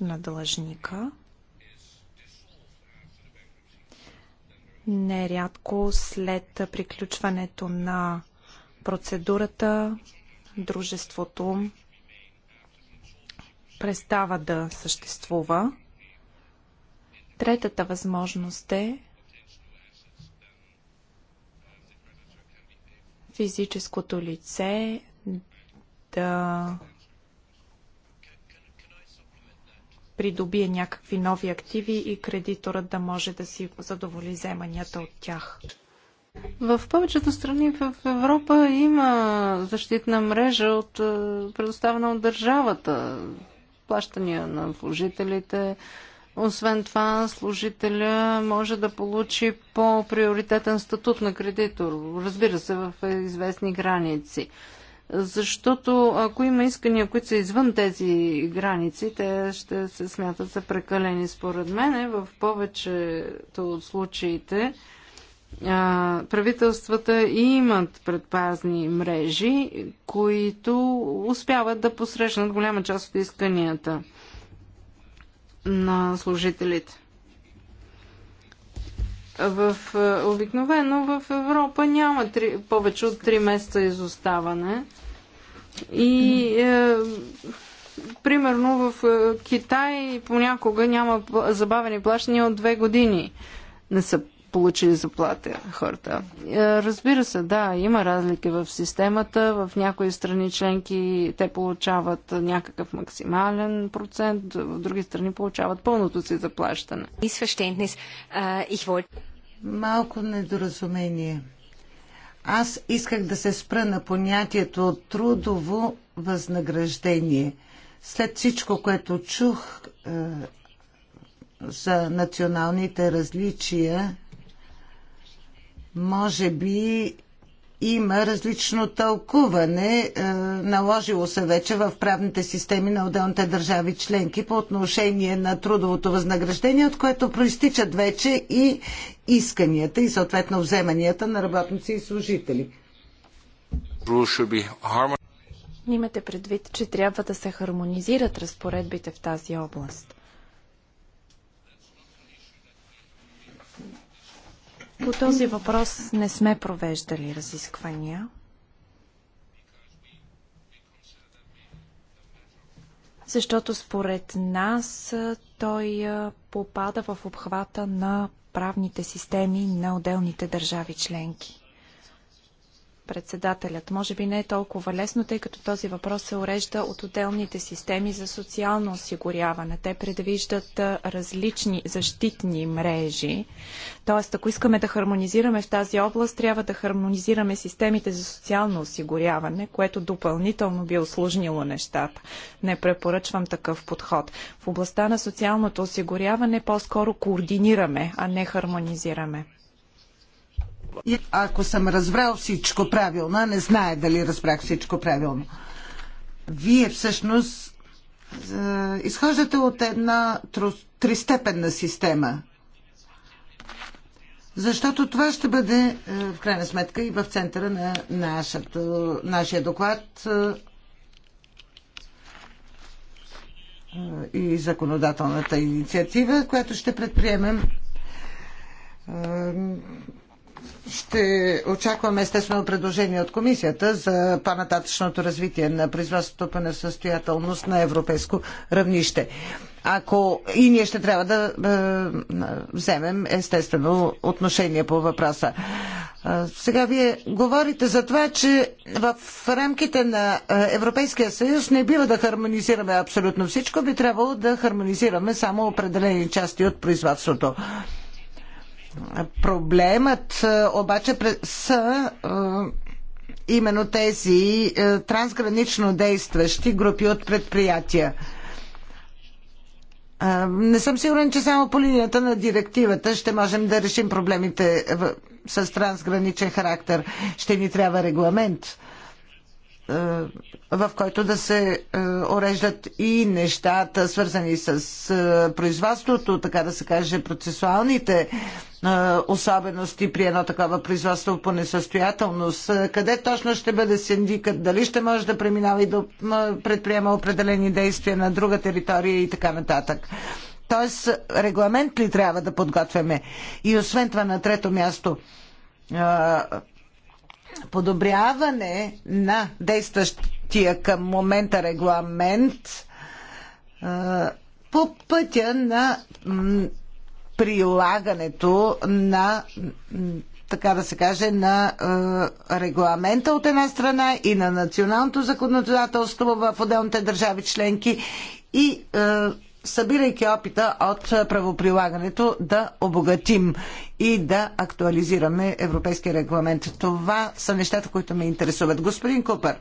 на длъжника. Нерядко след приключването на процедурата, дружеството престава да съществува. Третата възможност е физическото лице да придобие някакви нови активи и кредиторът да може да си задоволи вземанията от тях. В повечето страни в Европа има защитна мрежа от, е, предоставена от държавата. Плащания на служителите, освен това, служителя може да получи по-приоритетен статут на кредитор, разбира се, в известни граници. Защото ако има искания, които са извън тези граници, те ще се смятат за прекалени. Според мен, в повечето от случаите, правителствата имат предпазни мрежи, които успяват да посрещнат голяма част от исканията на служителите. В, е, обикновено в Европа няма три, повече от 3 месеца изоставане. И е, примерно в е, Китай понякога няма забавени плащания от 2 години. Не са получили заплата хората. Е, разбира се, да, има разлики в системата. В някои страни членки те получават някакъв максимален процент, в други страни получават пълното си заплащане. Малко недоразумение. Аз исках да се спра на понятието трудово възнаграждение. След всичко, което чух е, за националните различия може би има различно тълкуване, е, наложило се вече в правните системи на отделните държави членки по отношение на трудовото възнаграждение, от което проистичат вече и исканията и съответно вземанията на работници и служители. Имате предвид, че трябва да се хармонизират разпоредбите в тази област. По този въпрос не сме провеждали разисквания. Защото според нас той попада в обхвата на правните системи на отделните държави членки. Председателят, може би не е толкова лесно, тъй като този въпрос се урежда от отделните системи за социално осигуряване. Те предвиждат различни защитни мрежи. Тоест, ако искаме да хармонизираме в тази област, трябва да хармонизираме системите за социално осигуряване, което допълнително би осложнило нещата. Не препоръчвам такъв подход. В областта на социалното осигуряване по-скоро координираме, а не хармонизираме. И ако съм разбрал всичко правилно, не знае дали разбрах всичко правилно. Вие всъщност е, изхождате от една тристепенна система. Защото това ще бъде, е, в крайна сметка, и в центъра на нашата, нашия доклад е, е, и законодателната инициатива, която ще предприемем е, ще очакваме естествено предложение от комисията за по-нататъчното развитие на производството по несъстоятелност на европейско равнище. Ако и ние ще трябва да е, вземем естествено отношение по въпроса. Е, сега вие говорите за това, че в рамките на е, Европейския съюз не бива да хармонизираме абсолютно всичко, би трябвало да хармонизираме само определени части от производството. Проблемът е, обаче са е, именно тези е, трансгранично действащи групи от предприятия. Не съм сигурен, че само по линията на директивата ще можем да решим проблемите с трансграничен характер. Ще ни трябва регламент в който да се уреждат е, и нещата, свързани с е, производството, така да се каже, процесуалните е, особености при едно такова производство по несъстоятелност. Къде точно ще бъде синдикът? Дали ще може да преминава и да предприема определени действия на друга територия и така нататък? Тоест, регламент ли трябва да подготвяме? И освен това, на трето място, подобряване на действащ приятия към момента регламент по пътя на прилагането на така да се каже, на е, регламента от една страна и на националното законодателство в отделните държави членки и е, събирайки опита от правоприлагането да обогатим и да актуализираме европейския регламент. Това са нещата, които ме интересуват. Господин Купер.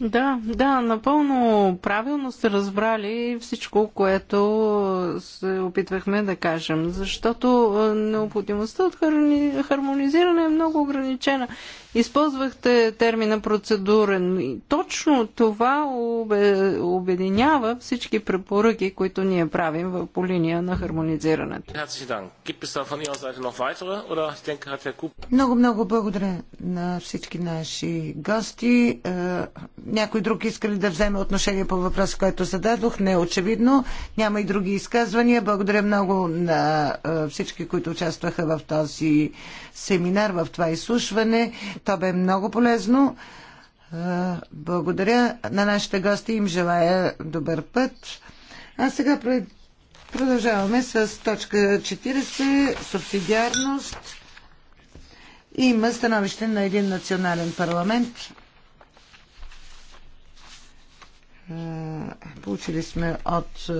Да, да, напълно правилно сте разбрали всичко, което се опитвахме да кажем, защото е, необходимостта от хармонизиране е много ограничена. Използвахте термина процедурен и точно това обединява всички препоръки, които ние правим по линия на хармонизирането. Много, много благодаря на всички наши гости. Е, някой друг иска ли да вземе отношение по въпроса, който зададох? Не, очевидно. Няма и други изказвания. Благодаря много на всички, които участваха в този семинар, в това изслушване. То бе много полезно. Благодаря на нашите гости. Им желая добър път. А сега продължаваме с точка 40. Субсидиарност. Има становище на един национален парламент. Получили сме от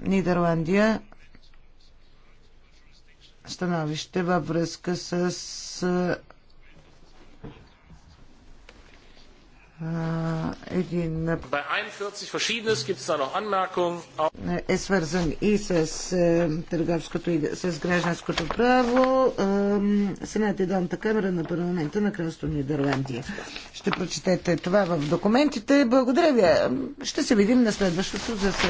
Нидерландия становище във връзка с един е свързан и с е, търговското и с гражданското право. Е, Сенат и Долната камера на парламента на Кралство Нидерландия. Ще прочетете това в документите. Благодаря ви. Е, ще се видим на следващото заседание.